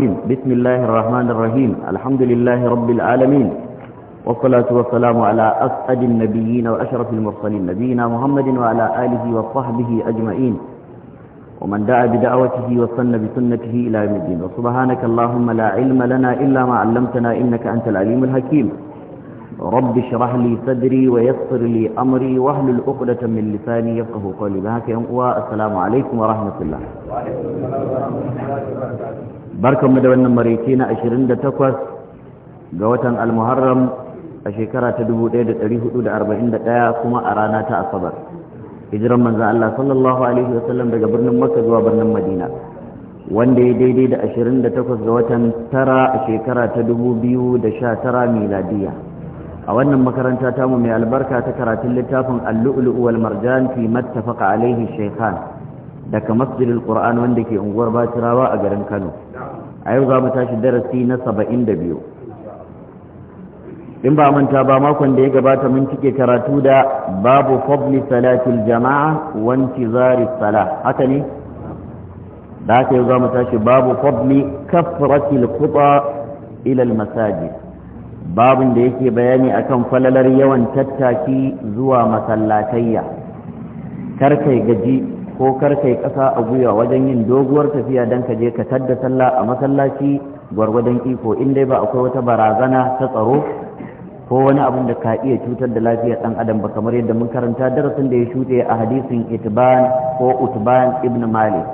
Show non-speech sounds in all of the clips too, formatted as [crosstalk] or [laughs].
بسم الله الرحمن الرحيم الحمد لله رب العالمين والصلاة والسلام على أسعد النبيين وأشرف المرسلين نبينا محمد وعلى آله وصحبه أجمعين ومن دعا بدعوته وصن بسنته إلى يوم الدين وسبحانك اللهم لا علم لنا إلا ما علمتنا إنك أنت العليم الحكيم رب اشرح لي صدري ويسر لي أمري وأهل عقدة من لساني يفقه قولي بهك يوم السلام عليكم ورحمة الله وعليكم السلام ورحمة الله barkanmu da wannan maraice na 28 ga watan almuharram a shekara ta 1441 kuma a rana ta asabar hijiran manzan Allah sallallahu alaihi wasallam daga birnin makka zuwa birnin madina wanda ya daidai da 28 ga watan tara a shekara ta 2019 miladiya a wannan makaranta tamu mai albarka ta karatun littafin al-lu'lu'u wal marjan fi mattafaqa alaihi shaykhan daga masjidil qur'an wanda ke unguwar batirawa a garin kano a yau za mu tashi darasi na saba'in da biyu in ba manta ba makon da ya gabata mun cike karatu da babu fadli salatul jama'a wanti zari sala haka ne da haka yau za mu tashi babu fadli kafratil kuɓa ilal masajid babin da yake bayani akan falalar yawan tattaki zuwa masallatayya kar kai gaji ko kar kai kasa a gwiwa wajen yin doguwar tafiya don ka je ka tadda sallah a masallaci gwargwadon iko in dai ba akwai wata barazana ta tsaro ko wani abin da ka iya cutar da lafiyar dan adam ba kamar yadda mun karanta darasin da ya shuɗe a hadisin itban ko utban ibn malik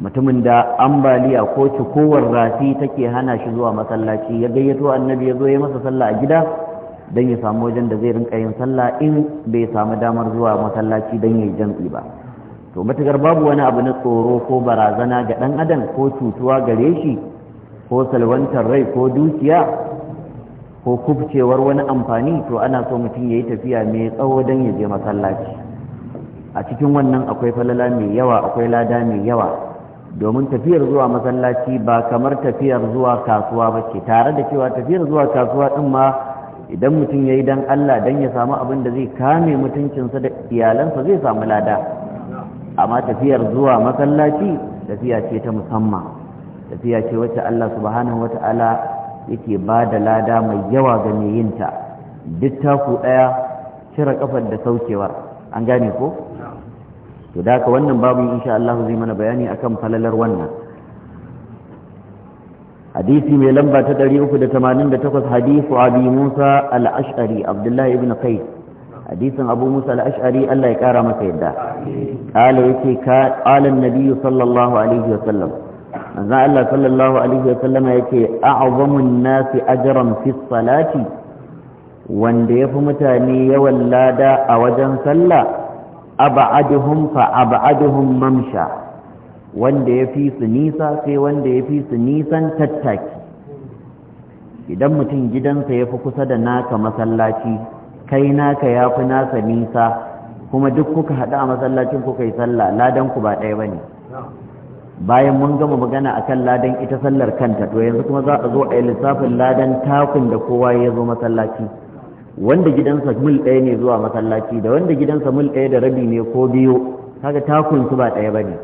mutumin da ambaliya ko cikowar rafi take hana shi zuwa masallaci ya gayyato annabi ya zo ya masa sallah a gida don ya samu wajen da zai rinka yin sallah in bai samu damar zuwa masallaci dan ya yi jam'i ba to matukar babu wani abu na tsoro ko barazana ga ɗan adam ko cutuwa gare shi ko salwantar rai ko dukiya ko kubcewar wani amfani to ana so mutum ya yi tafiya mai tsawo don ya je masallaci a cikin wannan akwai falala mai yawa akwai lada mai yawa domin tafiyar zuwa masallaci ba kamar tafiyar zuwa kasuwa ba ce tare da cewa tafiyar zuwa kasuwa ɗin ma idan mutum ya yi don allah don ya samu abin da zai kame mutuncinsa da iyalansa zai samu lada amma tafiyar zuwa masallaci tafiya ce ta musamman tafiya ce wacce Allah subhanahu wata'ala yake ba da lada mai yawa ga mai yinta duk taku ɗaya cire kafar da saukewar an gane ko to da haka wannan babu insha Allah zai mana bayani akan falalar wannan hadisi mai lamba ta 388 hadisu abi Musa al-Ash'ari Abdullahi ibn Qais hadisin abu musa al-ash'ari Allah ya kara masa yadda qala yace ka qala an-nabi sallallahu alaihi wa sallam manzo Allah sallallahu alaihi wa sallam yace a'zamu an-nas ajran fi salati wanda yafi mutane yawan lada a wajen sallah ab'aduhum fa ab'aduhum mamsha wanda yafi su nisa sai wanda yafi su nisan tattaki idan mutum gidansa yafi kusa da naka masallaci kai naka ya fi nasa nisa kuma duk kuka haɗu a masallacin kuka yi sallah ladan ku ba ɗaya ba ne bayan mun gama magana a kan ladan ita sallar kanta to yanzu kuma za a zo a yi lissafin ladan takun da kowa ya zo masallaci wanda gidansa mil ɗaya ne zuwa masallaci da wanda gidansa mil ɗaya da rabi ne ko biyu kaga takun su ba ɗaya ba ne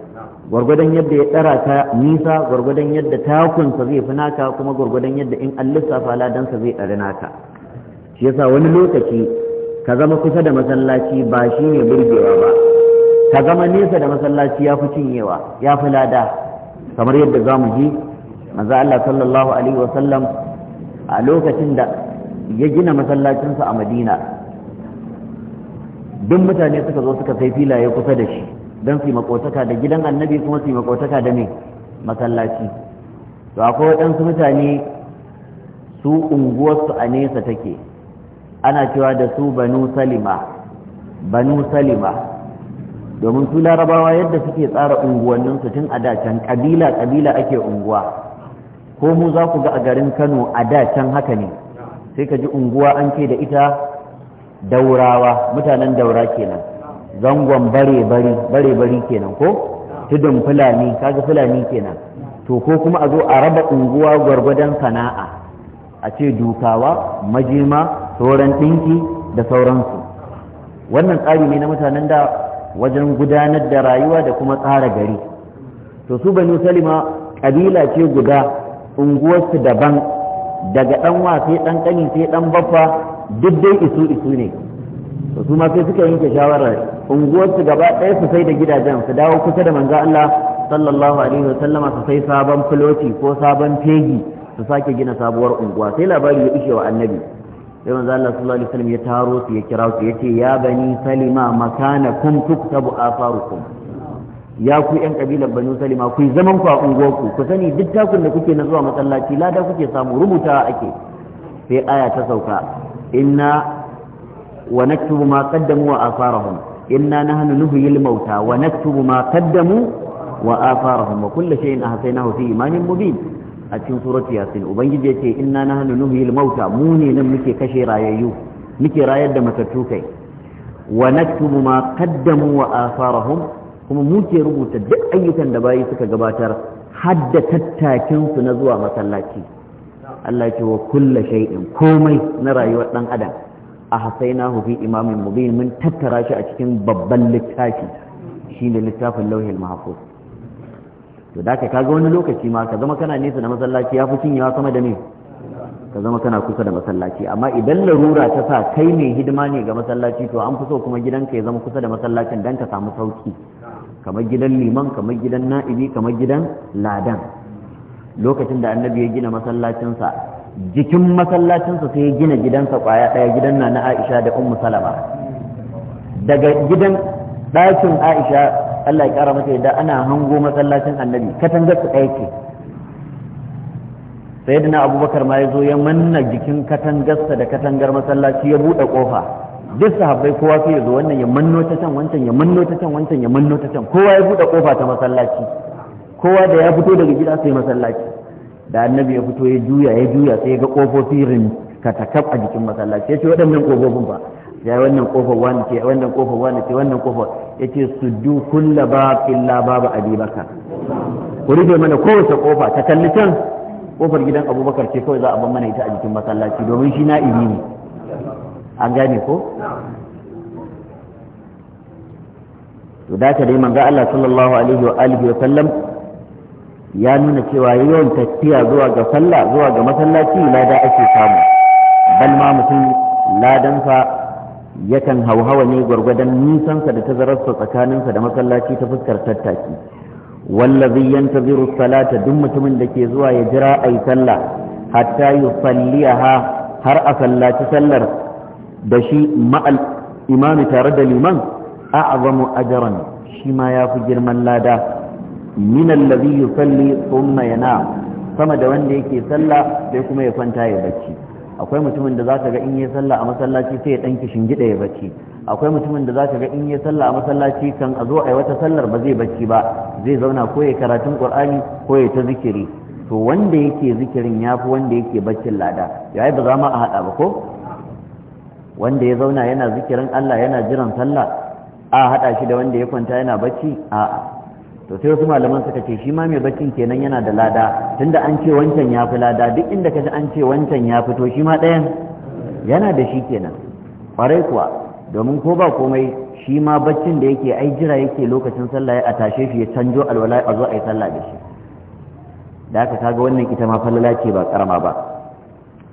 gwargwadon yadda ya ɗara ka nisa gwargwadon yadda takunsa zai fi naka kuma gwargwadon yadda in an lissafa ladansa zai ɗari naka shi yasa wani lokaci ka zama kusa da masallaci ba shi ne burgewa ba ka zama nesa da masallaci ya fi cinyewa ya fi lada kamar yadda za mu ji manzo Allah sallallahu alaihi wa sallam a lokacin da ya gina masallacinsa a Madina duk mutane suka zo suka sai filaye kusa da shi don su makotaka da gidan annabi kuma su makotaka da mai masallaci to akwai waɗansu mutane su unguwarsu a nesa take ana cewa da su banu salima banu salima domin su larabawa yadda suke tsara unguwanninsu tun a kabila kabila ake unguwa ko mu za ku ga a garin kano a can haka ne sai ka ji unguwa an ce da ita daurawa mutanen daura kenan zangon bare bare bare bare kenan ko tudun fulani kaga fulani kenan to ko kuma a zo a raba unguwa gwargwadon sana'a a ce dukawa majima sauran ɗinki da sauransu wannan tsari ne na mutanen da wajen gudanar da rayuwa da kuma tsara gari to su banu salima kabila ce guda unguwarsu daban daga ɗan wa sai ɗan ƙani sai ɗan baffa duk dai isu isu ne to su ma sai suka yanke shawarar unguwarsu gaba ɗaya su sai da gidajen su dawo kusa da manzo Allah sallallahu alaihi wa su sai sabon filoti ko sabon fegi su sake gina sabuwar unguwa sai labari ya ishe wa annabi sai manzo Allah sallallahu alaihi wasallam ya taro su ya kira su yace ya bani salima makanakum tuktabu afarukum ya ku yan kabilar banu salima ku zaman ku a unguwarku ku sani duk takun da kuke na zuwa masallaci lada kuke samu rubutawa ake sai aya ta sauka inna wa naktubu ma qaddamu wa atharahum inna nahnu nuhyil mauta wa naktubu ma qaddamu wa atharahum wa kullu shay'in ahsaynahu fi imanin mubin a cikin suratu yasin ubangiji yace inna nahnu nuhyil mauta mu ne nan muke kashe rayayyu muke rayar da matattu kai wa naktubu ma qaddamu wa atharahum kuma muke rubuta duk ayyukan da bayi suka gabatar hadda tattakin su na zuwa masallaci Allah ce wa kulla shay'in komai na rayuwar dan adam a hasainahu fi imamin mubin mun tattara shi a cikin babban littafi shine littafin lauhil mahfuz to da ka kaga wani lokaci ma ka zama kana nesa da masallaci ya fi cinyewa sama da ne ka zama kana kusa da masallaci amma idan larura ta sa kai mai hidima ne ga masallaci to an fi so kuma gidanka ya zama kusa da masallacin dan ka samu sauki kamar gidan liman kamar gidan na'ibi kamar gidan ladan lokacin da annabi ya gina masallacinsa jikin masallacinsa sai ya gina gidansa kwaya ɗaya gidan na na aisha da ummu salama daga gidan ɗakin aisha Allah ya kara mata yadda ana hango masallacin annabi katangar su ɗaya ce sayyidina abubakar ma ya zo ya manna jikin katangarsa da katangar masallaci ya buɗe ƙofa duk sahabbai kowa sai ya wannan ya manno ta can wancan ya manno ta can wancan ya manno ta can kowa ya buɗe ƙofa ta masallaci kowa da ya fito daga gida sai masallaci da annabi ya fito ya juya ya juya sai ya ga ƙofofi rin katakaf a jikin masallaci ya ce waɗannan ƙofofin ba ya wannan kofar wani ce wannan kofar wani ce wannan kofar ya ce su du kulla ba illa babu abubakar ku rufe mana kowace kofa ta kalli can kofar gidan abubakar ce kawai za a ban mana ita a jikin masallaci domin shi na ibi ne an gane ko to da ta dai manzo Allah sallallahu alaihi wa alihi wa sallam ya nuna cewa yawan tafiya zuwa ga sallah zuwa ga masallaci lada ake samu bal ma mutum ladan fa. yakan hauhawa ne gwargwadon nisansa da tazararsa tsakaninsa da masallaci ta fuskar tattaki wallazi ziru salata duk mutumin da ke zuwa ya jira ayi sallah hatta yusalliha har a sallaci sallar da shi ma'al imami tare da liman a'zamu ajran shi ma yafi girman lada min allazi yusalli thumma yana sama da wanda yake sallah sai kuma ya kwanta ya bacci akwai mutumin da za ka ga in yi sallah a masallaci sai ya kishin gida ya bacci akwai mutumin da za ka ga in yi sallah a masallaci kan a zo a yi wata sallar ba zai bacci ba zai zauna ko ya karatun qur'ani ko ya ta zikiri to wanda yake zikirin ya fi wanda yake baccin lada yayi ba za ma a haɗa ba ko wanda ya zauna yana zikirin Allah yana jiran sallah a haɗa shi da wanda ya kwanta yana bacci a'a to sai wasu malaman suka ce shi ma mai baccin kenan yana da lada tunda an ce wancan ya fi lada duk inda ka ji an ce wancan ya fito shi ma ɗayan yana da shi kenan ƙwarai kuwa domin ko ba komai shi ma baccin da yake ai jira yake lokacin sallah a tashe shi ya canjo alwala a zo a yi sallah da shi da aka kaga wannan ita ma falala ce ba karama ba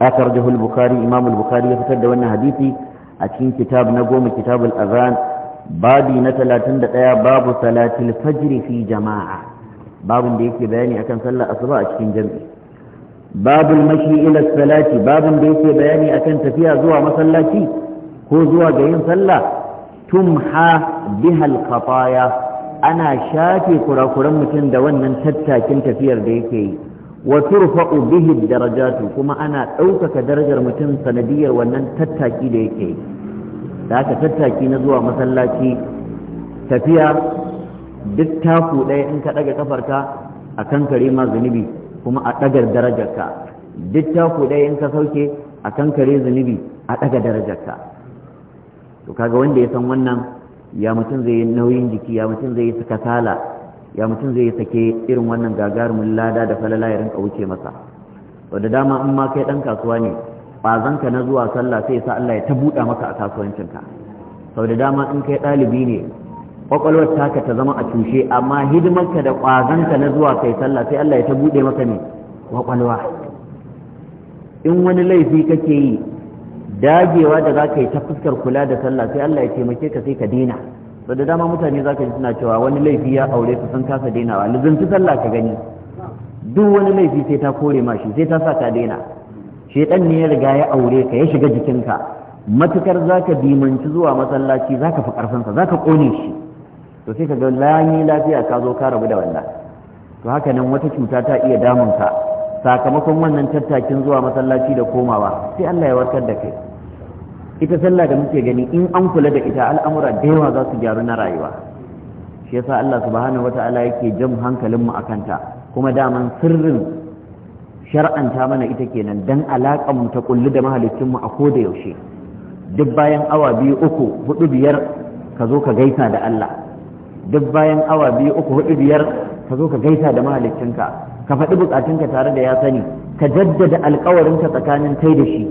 akar jahul bukari imam bukari ya fitar da wannan hadisi a cikin kitab na goma kitabul azan babi na talatin da ɗaya babu salatil fajri fi jama'a babin da yake bayani akan sallar asuba a cikin jam'i babul mashi ila salati babin da yake bayani akan tafiya zuwa masallaci ko zuwa ga yin sallah tumha bihal khataya ana shafe kurakuran mutum da wannan tattakin tafiyar da yake yi wa turfa'u bihi darajatu kuma ana ɗaukaka darajar mutum sanadiyar wannan tattaki da yake yi da aka tattaki na zuwa masallaci tafiya duk taku ɗaya in ka ɗaga kafarka a kan kare ma zunubi kuma a ɗagar darajarka duk taku ɗaya in ka sauke a kan kare zunubi a ɗaga darajarka to kaga wanda ya san wannan ya mutum zai yi nauyin jiki ya mutum zai yi kasala ya mutum zai yi sake irin wannan gagarumin lada da falala ya rinka wuce masa wadda dama in ma kai ɗan kasuwa ne Kwazanka na zuwa sallah sai sa Allah ya ta maka a kasuwancinka sau da dama in kai ɗalibi ne ƙwaƙwalwar taka ta zama a cushe amma hidimarka da ƙwazanka na zuwa kai sallah sai Allah ya ta buɗe maka ne ƙwaƙwalwa in wani laifi kake yi dagewa da za ka yi ta fuskar kula da sallah sai Allah ya taimake ka sai ka daina sau da dama mutane za ka ji suna cewa wani laifi ya aure su sun kasa dainawa lizanci sallah ka gani duk wani laifi sai ta kore ma shi sai ta sa ka daina shedan ne ya riga ya aure ka ya shiga jikinka matukar ka dimanci zuwa masallaci ka fi karfin za ka kone shi to sai ka ga layi lafiya ka zo ka rabu da wannan to haka nan wata cuta ta iya damun ka sakamakon wannan tattakin zuwa masallaci da komawa sai Allah ya warkar da kai ita sallah da muke gani in an kula da ita al'amura da yawa za su gyaru na rayuwa shi yasa Allah subhanahu wata'ala yake jan hankalin mu akanta kuma daman sirrin shar'anta mana ita kenan dan alaƙar mu ta kullu da mahalicin a a koda yaushe duk bayan awa biyu uku hudu biyar ka zo ka gaisa da Allah duk bayan awa biyu uku hudu biyar ka zo ka gaisa da mahaliccinka ka faɗi bukatunka tare da ya sani ka jaddada alkawarinka tsakanin kai da shi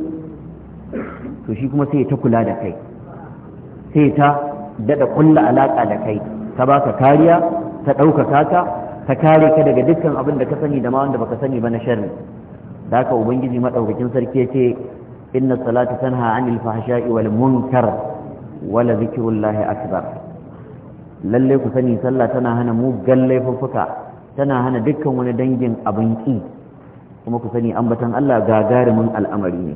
to shi kuma sai ta kula da kai sai ta dada kulla alaka da kai ta baka kariya ta ɗaukaka ka ta kare ka daga dukkan abin da ka sani da ma wanda baka sani ba na sharri da haka ubangiji madaukakin sarki yace inna salata tanha anil fahsha'i wal munkar wa zikrullahi akbar lalle ku sani sallah tana hana mugan laifuffuka tana hana dukkan wani dangin abin ki kuma ku sani ambatan Allah gagarumin al'amari ne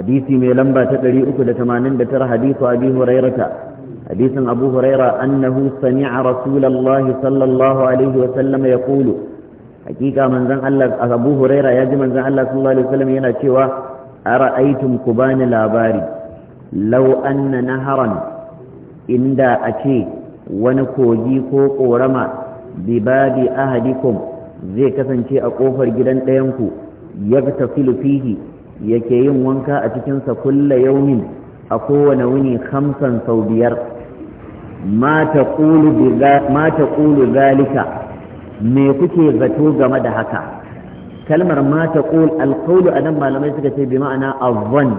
hadisi mai lamba ta 389 hadisu abi hurairata حديث أبو هريرة أنه سمع رسول الله صلى الله عليه وسلم يقول حقيقة من ذن الله أبو هريرة يجي من ذن الله صلى الله عليه وسلم ينشوى أرأيتم كبان الأباري لو أن نهرا عند أشي ونكوجي كوك ورمى بباب أهدكم zai kasance a ƙofar gidan ɗayanku ya tafilu fihi yake yin wanka a cikinsa kulla yaumin a kowane wuni hamsan sau biyar ma taqulu zalika me kuke zato game da haka kalmar ma taqul a nan malamai suka ce bi ma'ana avon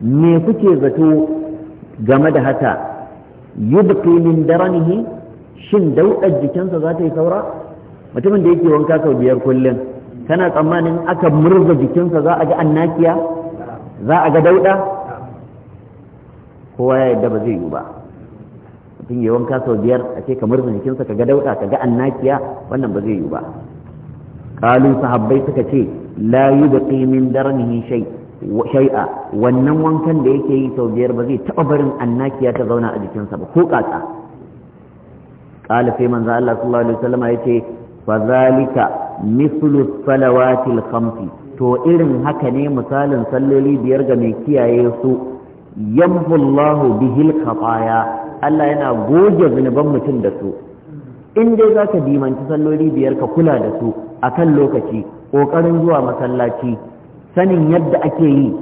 me kuke zato game da haka yubqi min daranihi shin daudar jikinsa za ta yi saura mutumin da yake wanka sau biyar kullum kana tsammanin aka murza jikinsa za a ga annakiya za a ga dauda kowa ya yadda ba zai yi ba mutum ya wanka sau biyar a ce kamar jikinsa ka ga dauɗa ka ga annakiya wannan ba zai yi ba kalu sahabbai suka ce la yubqi min darnihi shay shay'a wannan wankan da yake yi sau biyar ba zai taba barin annakiya ta zauna a jikinsa ba ko kaka qala sai manzo Allah sallallahu alaihi wasallam yace fa zalika mithlu salawatil khamsi to irin haka ne misalin salloli biyar ga mai kiyaye su yamhu Allahu bihil khataya Allah yana goge zunuban mutum da su in dai za ka dimanci salloli biyar ka kula da su a kan lokaci ƙoƙarin zuwa masallaci sanin yadda ake yi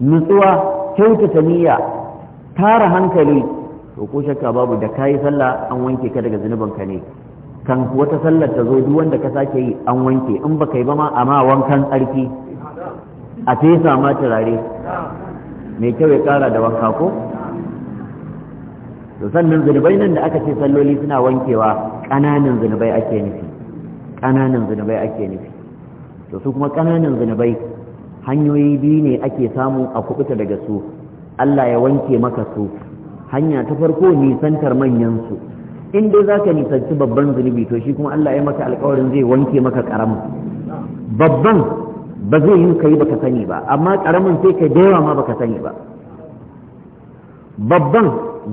nutsuwa kyautata niyya tara hankali to ko shakka babu da ka yi sallah an wanke ka daga zunuban ka ne kan wata sallar ta zo duk wanda ka sake yi an wanke in ba ka yi ba ma amma wankan tsarki a fesa ma turare mai kyau ya kara da wanka ko to sannan zunubai nan da aka ce salloli suna wankewa ƙananan zunubai ake nufi ƙananan zunubai ake nufi to su kuma kananan zunubai hanyoyi biyu ne ake samu a kubuta daga su Allah ya wanke maka su hanya ta farko nisantar manyan su in dai zaka nisanci babban zunubi to shi kuma Allah ya maka alƙawarin zai wanke maka ƙaramin babban ba zai yi kai baka sani ba amma ƙaramin sai kai da yawa ma baka sani ba babban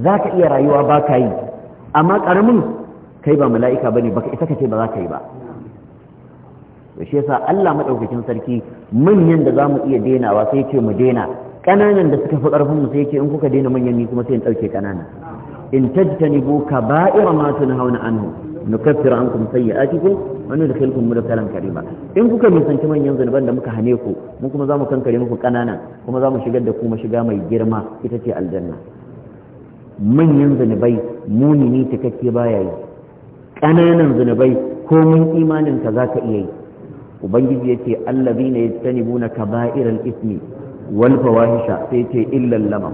za ka iya rayuwa ba ka yi amma karamin kai ba mala'ika ba ne ba ita ka ce ba za ka yi ba da shi yasa Allah maɗaukacin sarki manyan da za mu iya denawa sai ce mu dena ƙananan da suka fi ƙarfin mu sai ce in kuka dena manyan ni kuma sai in ɗauke ƙanana in ka ba'ira ma hauna anhu wani ankum sayyi'atikum mu da mudkhalan karima in kuka nisanci manyan zanuban da muka hane ku mu kuma za mu kankare muku ƙananan kuma za mu shigar da ku mashiga mai girma ita ce aljanna manyan zunubai mumini cikakke baya yi ƙananan zunubai ko mun imanin ka za ka iya yi ubangiji ya ce allazi ne ya tani buna ka ba'irar ismi wal fawahisha sai ce illan lama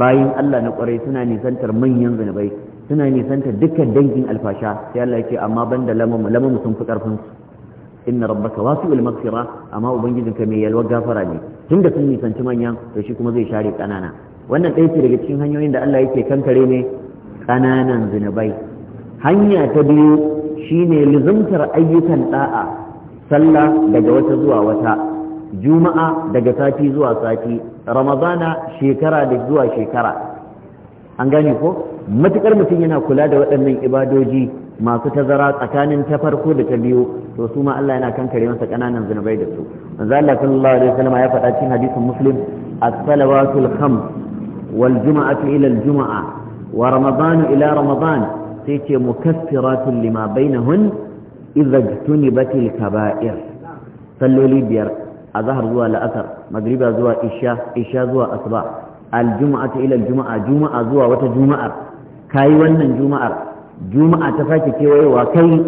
bayan allah na kwarai suna nisantar manyan zunubai suna nisantar dukkan dangin alfasha sai allah ya ce amma banda lamamu lamamu sun fi karfin su inna rabbaka wasi'ul maghfira amma ubangijinka mai yalwar gafara ne tunda sun nisanci manyan to shi kuma zai share kanana wannan ɗaya ce daga cikin hanyoyin da Allah yake kankare ne ƙananan zinubai hanya ta biyu shine luzumtar ayyukan da'a sallah daga wata zuwa wata juma'a daga sati zuwa sati ramadana shekara da zuwa shekara an gane ko matukar mutum yana kula da waɗannan ibadoji masu tazara tsakanin ta farko da ta biyu to su ma Allah yana kankare masa ƙananan zunubai da su manzo Allah sallallahu alaihi wasallam ya faɗa cikin hadisin muslim as-salawatul khams والجمعة إلى الجمعة ورمضان إلى رمضان سيتي مكفرات لما بينهن إذا اجتنبت الكبائر صلوا لي بير أظهر زوا لأثر مغربا زوا إشاء إشاء زوا أصبع الجمعة إلى الجمعة جمعة زوا وتجمعة كاي ونن جمعة جمعة تفاكي كيوي وكي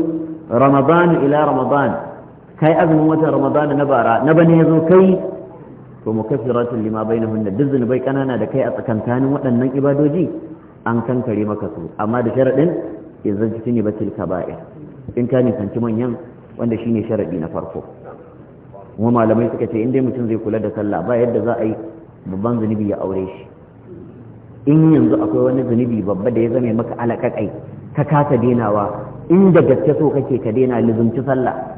رمضان إلى رمضان كاي أزم وتر رمضان نبارا نبني زو كي to mukaffiratun lima bainahunna duk zunubai kanana da kai a tsakankanin waɗannan ibadoji an kankare maka su amma da sharadin idan cikin ne batil kaba'ir in ka nisanci manyan wanda shine sharadi na farko kuma malamai suka ce in dai mutum zai kula da sallah ba yadda za a yi babban zunubi ya aure shi in yanzu akwai wani zunubi babba da ya zame maka alaƙaƙai ka kasa denawa inda gaske so kake ka dena lizunci sallah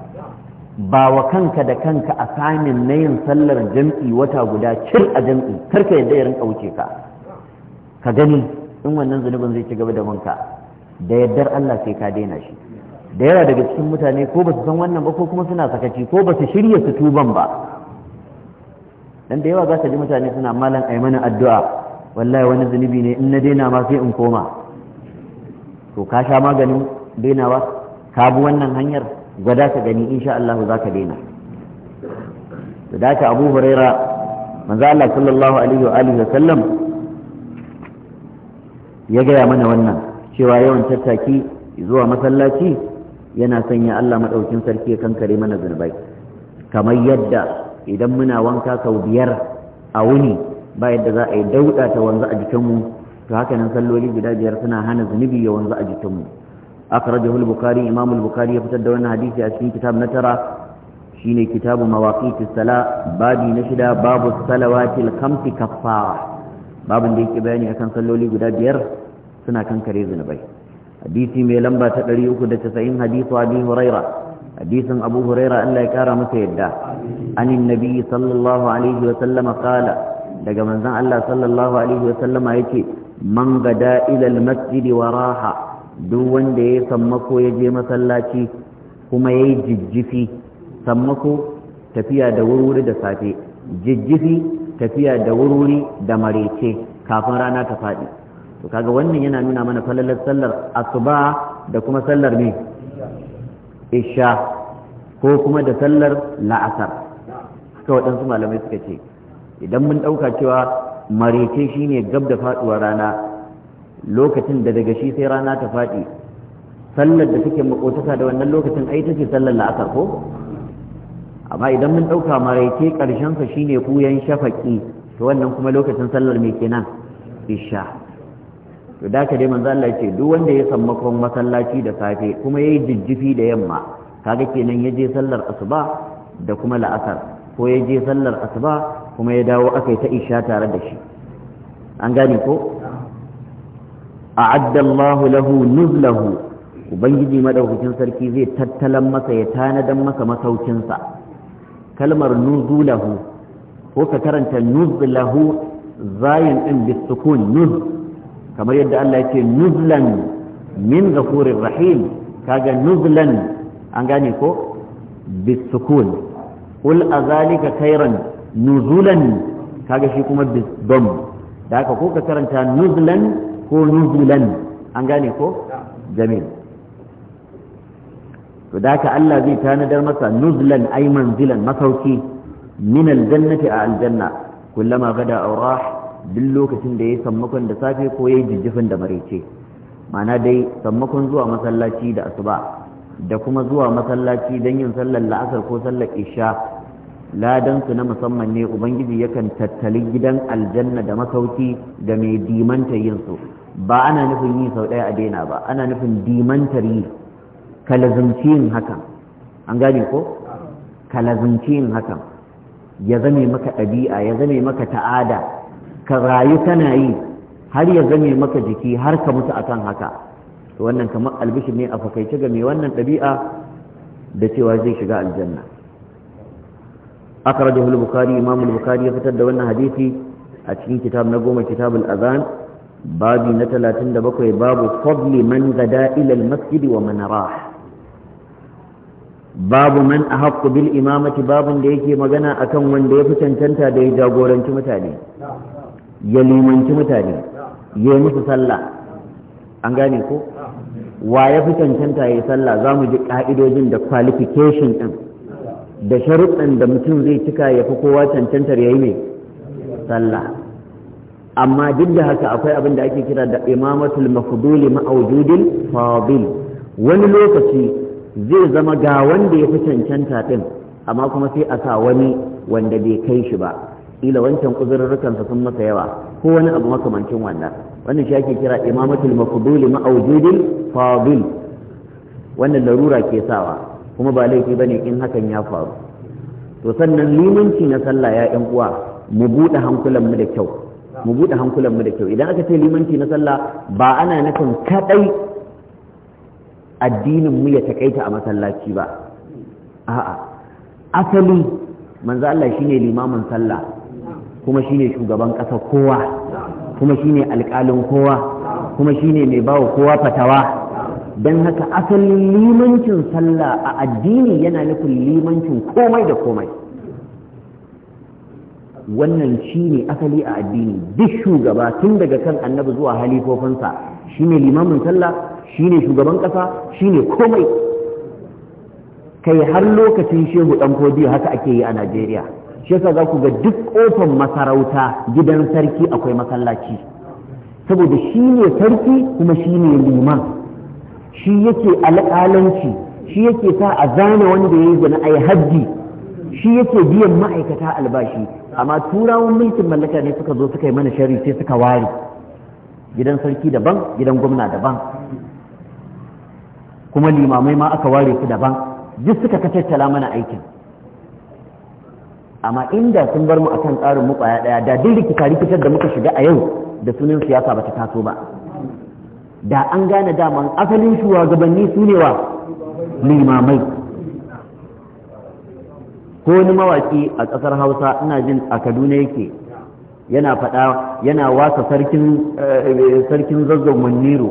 ba wa kanka da kanka a samin na yin sallar jam'i wata guda cir a jam'i karka yadda ya rinka wuce ka ka gani in wannan zunubin zai ci gaba da wanka da yaddar Allah sai ka daina shi da yawa daga cikin mutane ko ba su san wannan ba ko kuma suna sakaci ko ba su shirya su tuban ba dan da yawa za ka ji mutane suna malan ai mana addu'a wallahi wani zunubi ne in na daina ma sai in koma to ka sha maganin dainawa ka bi wannan hanyar gwada ka gani insha Allah za ka daina da dace abu huraira manzo Allah sallallahu alaihi wa alihi wasallam ya gaya mana wannan cewa yawan tattaki zuwa masallaci yana sanya Allah madaukin sarki ya kankare mana zunubai kamar yadda idan muna wanka sau biyar a wuni ba yadda za a yi dauɗa ta wanzu a jikinmu to haka nan salloli guda biyar suna hana zunubi ya wanzu a jikinmu akhrajahu al-bukhari imam ya fitar da wannan hadisi a cikin kitab na tara shine kitabu mawaqiti sala babi na shida babu salawati al-khamsi kaffara babin bayani akan salloli guda biyar suna kankare zunubai hadisi mai lamba ta 390 hadithu abi huraira hadisin abu huraira Allah ya kara masa yadda anin nabi sallallahu alaihi wa sallama qala daga manzon Allah sallallahu alaihi wa sallama yake duk wanda ya sammako ya je masallaci kuma ya yi jijjifi sammako tafiya da wurwuri da safe jijjifi tafiya da wurwuri da marece kafin rana ta faɗi to kaga wannan yana nuna mana falalar sallar asuba da kuma sallar ne isha ko kuma da sallar la'asar Suka waɗansu malamai suka ce idan mun ɗauka cewa marece shine gab da faɗuwar rana lokacin da daga shi sai rana ta faɗi sallar da take makotaka da wannan lokacin ai take sallar la'asar ko amma idan mun ɗauka maraice ƙarshensa shine kuyan shafaƙi to wannan kuma lokacin sallar mai kenan isha to da ka dai manzo Allah ce duk wanda ya san makon masallaci da safe kuma yayi jijjifi da yamma kaga kenan ya je sallar asuba da kuma la'asar ko ya je sallar asuba kuma ya dawo aka yi ta isha tare da shi an gane ko a'adda Allahu lahu nuzlahu ubangiji madaukakin sarki zai tattalan masa ya tanadan masa masaukinsa kalmar nuzulahu ko ka karanta nuzlahu zayin din bisukun nuz kamar yadda Allah yake nuzlan min ghafurir rahim kaga nuzlan an gane ko bisukun qul azalika khairan nuzulan kaga shi kuma bisdom da haka ko ka karanta nuzlan ko nuzulan an gane ko jamil to da ka Allah zai tanadar masa nuzulan ay manzilan masauki min aljannati a aljanna kullama bada awrah duk lokacin da yayi sammakon da safe ko yayi jijjifin da marece mana dai sammakon zuwa masallaci da asuba da kuma zuwa masallaci don yin sallar la'asar ko sallar isha ladansu na musamman ne ubangiji yakan tattali gidan aljanna da masauki da mai dimanta yin su. ba ana nufin yi sau ɗaya a daina ba ana nufin dimantar yi kalazumci yin hakan an gane ko kalazumci yin hakan ya zame maka ɗabi'a ya zame maka ta'ada ka rayu kana yi har ya zame maka jiki har ka mutu akan haka to wannan kamar albishir ne a fakaice ga mai wannan ɗabi'a da cewa zai shiga aljanna akhrajahu al-bukhari imam al-bukhari ya fitar da wannan hadisi a cikin kitab na goma kitabul azan babi na bakwai babu fadli man gada ilal masjidi wa man babu man ahaqqu bil imamati babun da yake magana akan wanda ya fi cancanta da ya jagoranci mutane ya limanci mutane ya yi musu sallah an gane ko wa ya fi cancanta ya yi sallah za mu ji ka'idojin da qualification ɗin da sharuɗin da mutum zai cika ya fi kowa cancantar ya yi mai sallah amma duk da haka akwai abin da ake kira da imamatul mafduli ma'aujudil fadil wani lokaci zai zama ga wanda ya fi cancanta din amma kuma sai a sa wani wanda bai kai shi ba ila wancan sa sun masa yawa ko wani abu makamancin wannan wannan shi ake kira imamatul mafduli ma'aujudil fadil wannan larura ke sawa kuma ba laifi bane in hakan ya faru to sannan limanci na sallah ya yan uwa mu buɗe hankulanmu da kyau mu buɗe hankulanmu da kyau idan aka ce limanci na sallah ba ana nufin kaɗai addinin mu ya takaita a masallaci ba a'a asali manzo Allah shine limamin sallah kuma shine shugaban ƙasa kowa kuma shine alƙalin kowa kuma shine mai bawa kowa fatawa don haka asalin limancin sallah a addini yana nufin limancin komai da komai wannan shi ne asali a addini duk shugaba tun daga kan annabi zuwa halifofinsa shi ne limamin sallah shi ne shugaban ƙasa shi ne komai kai har lokacin shehu ɗan fodiyo haka ake yi a najeriya shi yasa za ku ga duk ƙofan masarauta gidan sarki akwai masallaci saboda shi ne sarki kuma shi ne liman shi yake alƙalanci shi yake sa a zane wanda ya yi zana a yi hajji shi yake biyan ma'aikata albashi amma turawan mulkin mallaka ne suka zo suka yi mana shari sai suka ware gidan sarki daban gidan gwamna daban kuma limamai ma aka ware su daban duk suka kacattala mana aikin amma inda sun bar mu akan tsarin mu kwaya daya da duk rikita rikitar da muka shiga a yau da sunan siyasa bata taso ba da an gane daman asalin shugabanni su ne wa limamai ko wani mawaki a ƙasar hausa ina jin a kaduna yake yana faɗa yana wasa sarkin eh, sarkin zazzau maniro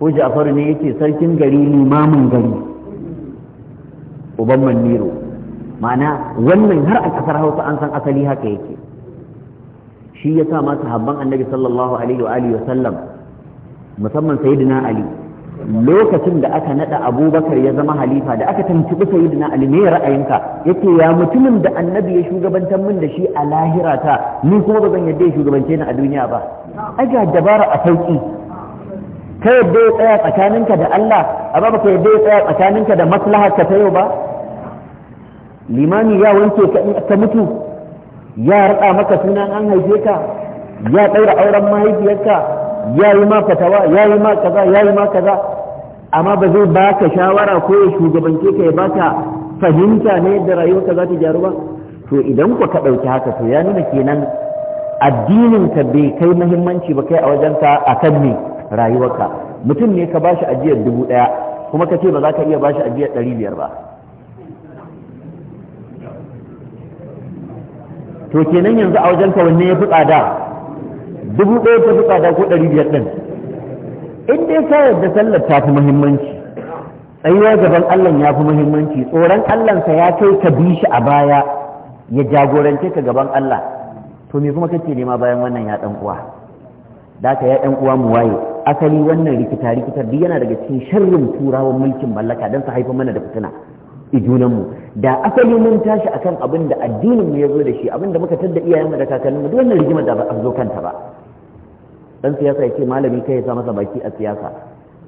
ko ja'far ne yake sarkin gari limamin gari uban maniro ma'ana wannan har a ƙasar hausa an san asali haka yake shi ya sa masu habban annabi sallallahu alaihi wa alihi musamman sayyidina ali lokacin da aka nada abubakar ya zama halifa da aka tantubi sayyidina ali ne ra'ayinka yake ya mutumin da annabi ya shugabantar min da shi a lahira ta ni kuma ba zan yadda ya shugabance ni a duniya ba aga dabara a sauki ka yadda ya tsaya tsakaninka da Allah amma baka yadda ya tsaya tsakaninka da maslahar ka ta yau ba limami ya wanke ka in ka mutu ya rada maka sunan an haife ka ya daura auren mahaifiyarka ya yi ma fatawa ya yi ma kaza ya yi ma kaza amma ba zai ba ka shawara ko ya shugabance ka ya ba ka fahimta ne yadda rayuwarka za ta gyaru ba to idan ku ka ɗauki haka to ya nuna kenan addinin ka bai kai muhimmanci ba kai a wajen ka akan ne rayuwarka mutum ne ka ba shi ajiyar dubu ɗaya kuma ka ce ba za ka iya ba shi ajiyar ɗari biyar ba to kenan yanzu a wajen ka wanne ya fi tsada dubu ɗaya ta fi tsada ko ɗari biyar ɗin in dai ka yarda sallar ta fi muhimmanci tsayuwa gaban Allah ya fi muhimmanci tsoron Allahnsa ya kai ka bi shi a baya ya jagorance ka gaban Allah to me kuma kake nema bayan wannan ya ɗan uwa da ka ya ɗan uwa mu waye asali wannan rikita rikitar duk yana daga cikin sharrin turawan mulkin mallaka don su haifa mana da fitina ijunanmu da asali mun tashi akan abin da addinin mu ya zo da shi abin da muka tadda iyayenmu da kakanninmu duk wannan rigimar da ba a zo kanta ba dan siyasa ya ce malami kai ya sa masa baki a siyasa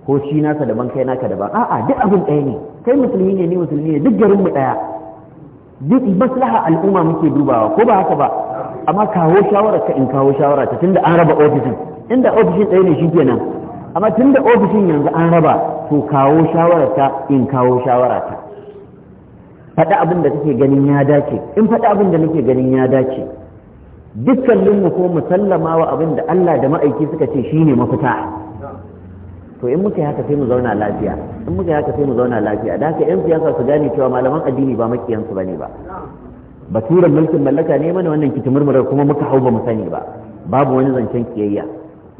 ko shi nasa daban kai naka daban a'a duk abin ɗaya ne kai musulmi ne ni musulmi ne duk garin mu ɗaya duk maslaha al'umma muke dubawa ko ba haka ba amma kawo shawara ka in kawo shawara ta tunda an raba ofishin inda ofishin ɗaya ne shikenan amma tunda ofishin yanzu an raba to kawo shawara ta in kawo shawara ta faɗi abin da kake ganin ya dace in faɗi abin da nake ganin ya dace dukkanin mu ko musallama wa abin da Allah da ma'aiki suka ce ne mafita to in muka yi haka sai mu zauna lafiya in muka haka sai mu zauna lafiya da haka yan siyasa su gane cewa malaman addini ba makiyansu su bane ba basiran mulkin mallaka ne mana wannan kitimurmurar kuma muka hau ba mu sani ba babu wani zancen kiyayya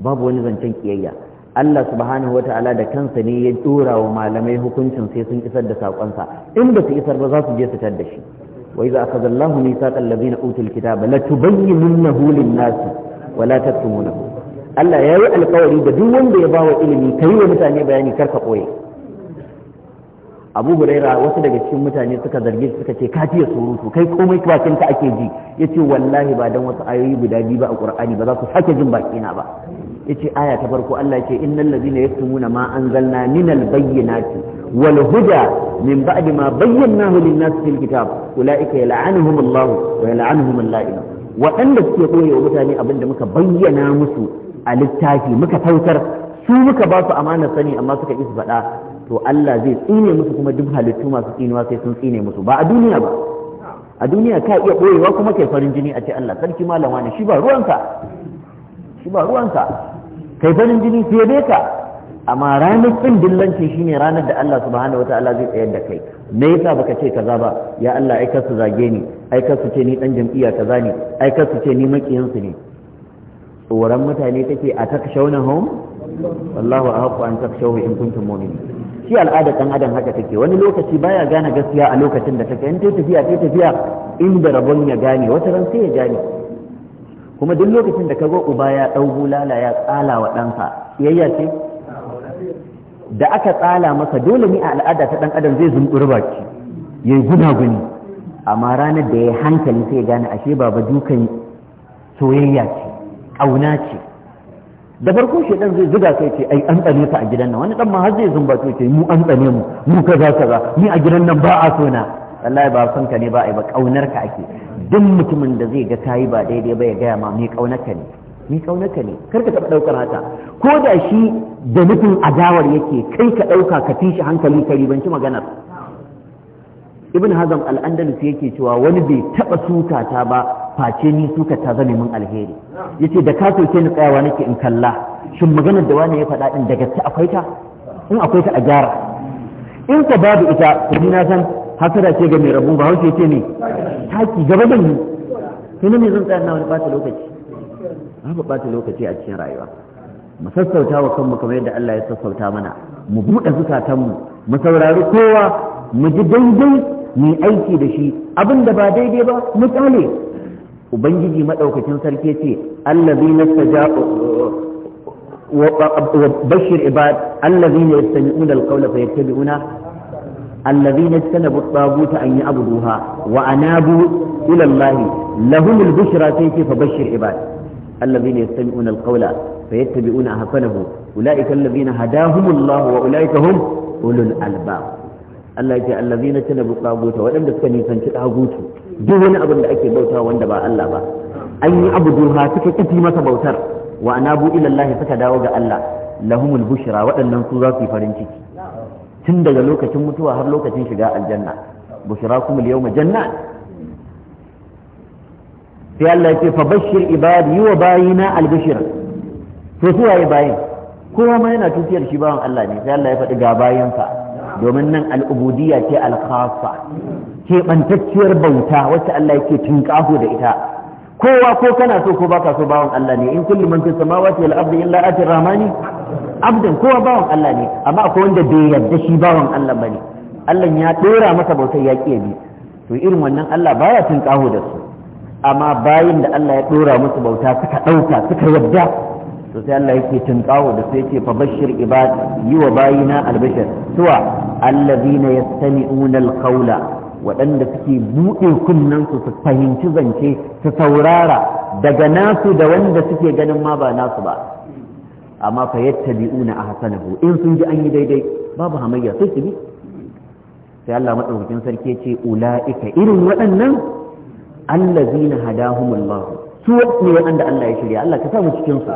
babu wani zancen kiyayya Allah subhanahu wata'ala da kansa ne ya dora wa malamai hukuncin sai sun isar da sakonsa in ba su isar ba za su je su tar da shi وإذا أخذ الله ميثاق الذين أوتوا الكتاب لتبيننه للناس ولا تكتمونه Allah ya yi alkawari da duk wanda ya bawa ilimi ka yi wa mutane bayani karka ɓoye abu huraira wasu daga cikin mutane suka zargi suka ce ka surutu kai komai bakin ake ji ya ce wallahi ba don wasu ayoyi guda biyu ba a ƙur'ani ba za su sake jin bakina ba yace aya ta farko Allah yake innal ladina yaktumuna ma na minal bayyana wal huda min ba'di ma bayyanahu lin nas fil kitab ulaika yal'anuhum Allah wa yal'anuhum al-la'in waɗanda suke koyewa mutane abin da muka bayyana musu a littafi muka tautar su muka ba su amana sani amma suka ƙi faɗa to Allah zai tsine musu kuma duk halittu masu tsinewa sai sun tsine musu ba a duniya ba a duniya ka iya ɓoyewa kuma kai farin jini a ce Allah sarki malama ne shi ba ruwanka. shi ba kai farin jini fiye da ka amma ranar dillancin dillanci shine ranar da Allah subhanahu wataala zai tsayar da kai me yasa baka ce kaza ba ya Allah ai su zage ni ai su ce ni dan jam'iyya kaza ne ai su ce ni makiyin su ne tsoron mutane take a takshawunahum wallahu a ahqqu an takshawu in kuntum mu'minin shi al'ada kan adam haka take wani lokaci baya gane gaskiya a lokacin da take in tafiya tafiya inda rabon ya gane wata ran sai ya gane kuma duk lokacin da ka ga uba ya ɗau bulala ya tsala wa ɗansa yayya ce da aka tsala masa dole ne a al'ada ta dan adam zai zumɓuri baki ya guna guni amma ranar da ya hankali sai gane ashe baba dukan soyayya ce ƙauna ce da farko shi dan zai zuga kai ce ai an tsane ka a gidan nan wani dan ma har zai zumba ce mu an tsane mu mu kaza kaza ni a gidan nan ba a so na wallahi ba son ka ne ba ai ba kaunar ka ake duk mutumin da zai ga kayi ba daidai ba ya gaya ma mai kaunar ne mai kaunar ne kar ka taɓa ɗaukar haka ko da shi da nufin adawar yake kai ka ɗauka ka fi shi hankali ka ribanci maganar ibn hazam al yake cewa wani bai taɓa suka ta ba face ni suka ta zame min alheri yace da ka soke ni tsayawa nake in kalla shin maganar da wani ya faɗa din daga ta akwai ta in akwai ta a gyara in ka babu ita ku ni na san hasada ce ga mai rabu ba hausa ce ne taki gaba da ni sai na mai zan tsaya na wani ɓata lokaci babu ɓata lokaci a cikin rayuwa mu sassauta wa kanmu kamar yadda Allah ya sassauta mana mu buɗe zukatanmu mu saurari kowa mu ji daidai mu aiki da shi abin da ba daidai ba mu tsale ubangiji madaukakin sarki ce allazi nastaja'u wa bashir ibad allazina yastami'una alqawla fayattabi'una الذين اجتنبوا الطاغوت أن يعبدوها وأنابوا إلى الله لهم البشرى كيف فبشر عباد الذين يستمعون القول فيتبعون أحسنه أولئك الذين هداهم الله وأولئك هم أولو الألباب Allah ya ce allazina tanabu qabuta waɗanda suka nisanci dagutu duk wani abin da ake bauta wanda ba Allah ba an yi abuduha suka kifi masa bautar wa anabu ila Allah suka dawo ga Allah lahumul bushra waɗannan su za yi farin ciki tun daga lokacin mutuwa har lokacin shiga aljanna bushrakum al-yawma majanna? sai Allah ce fa bashir ibadi wa bayina al-bashir to su waye bayin kowa ma yana tufiyar shi bawan Allah ne sai Allah ya faɗi ga bayansa domin nan al'ubudiyya ce al-khassa keɓantacciyar bauta wacce Allah yake tunƙaho da ita kowa ko kana so ko baka so bawan Allah ne in kullu man fis samawati wal ardi illa atir rahmani abdan kowa bawan Allah ne amma akwai wanda bai yarda shi bawan Allah bane Allah ya dora masa bautar ya bi to irin wannan Allah baya tun kaho da su amma bayin da Allah ya dora musu bauta suka dauka suka yarda to sai Allah yake tun kaho da su yake fa bashir ibad yi wa bayina albashar suwa allazina yastami'una alqawla waɗanda suke buɗe kunnansu su fahimci zance su saurara daga nasu da wanda suke ganin ma ba nasu ba amma fa yattabi'una ahsanahu in sun ji an yi daidai babu hamayya sai su bi sai Allah madaukakin sarki ya ce ulaika irin waɗannan allazina hadahumullah su ne waɗanda Allah ya shirya Allah ka mu cikin su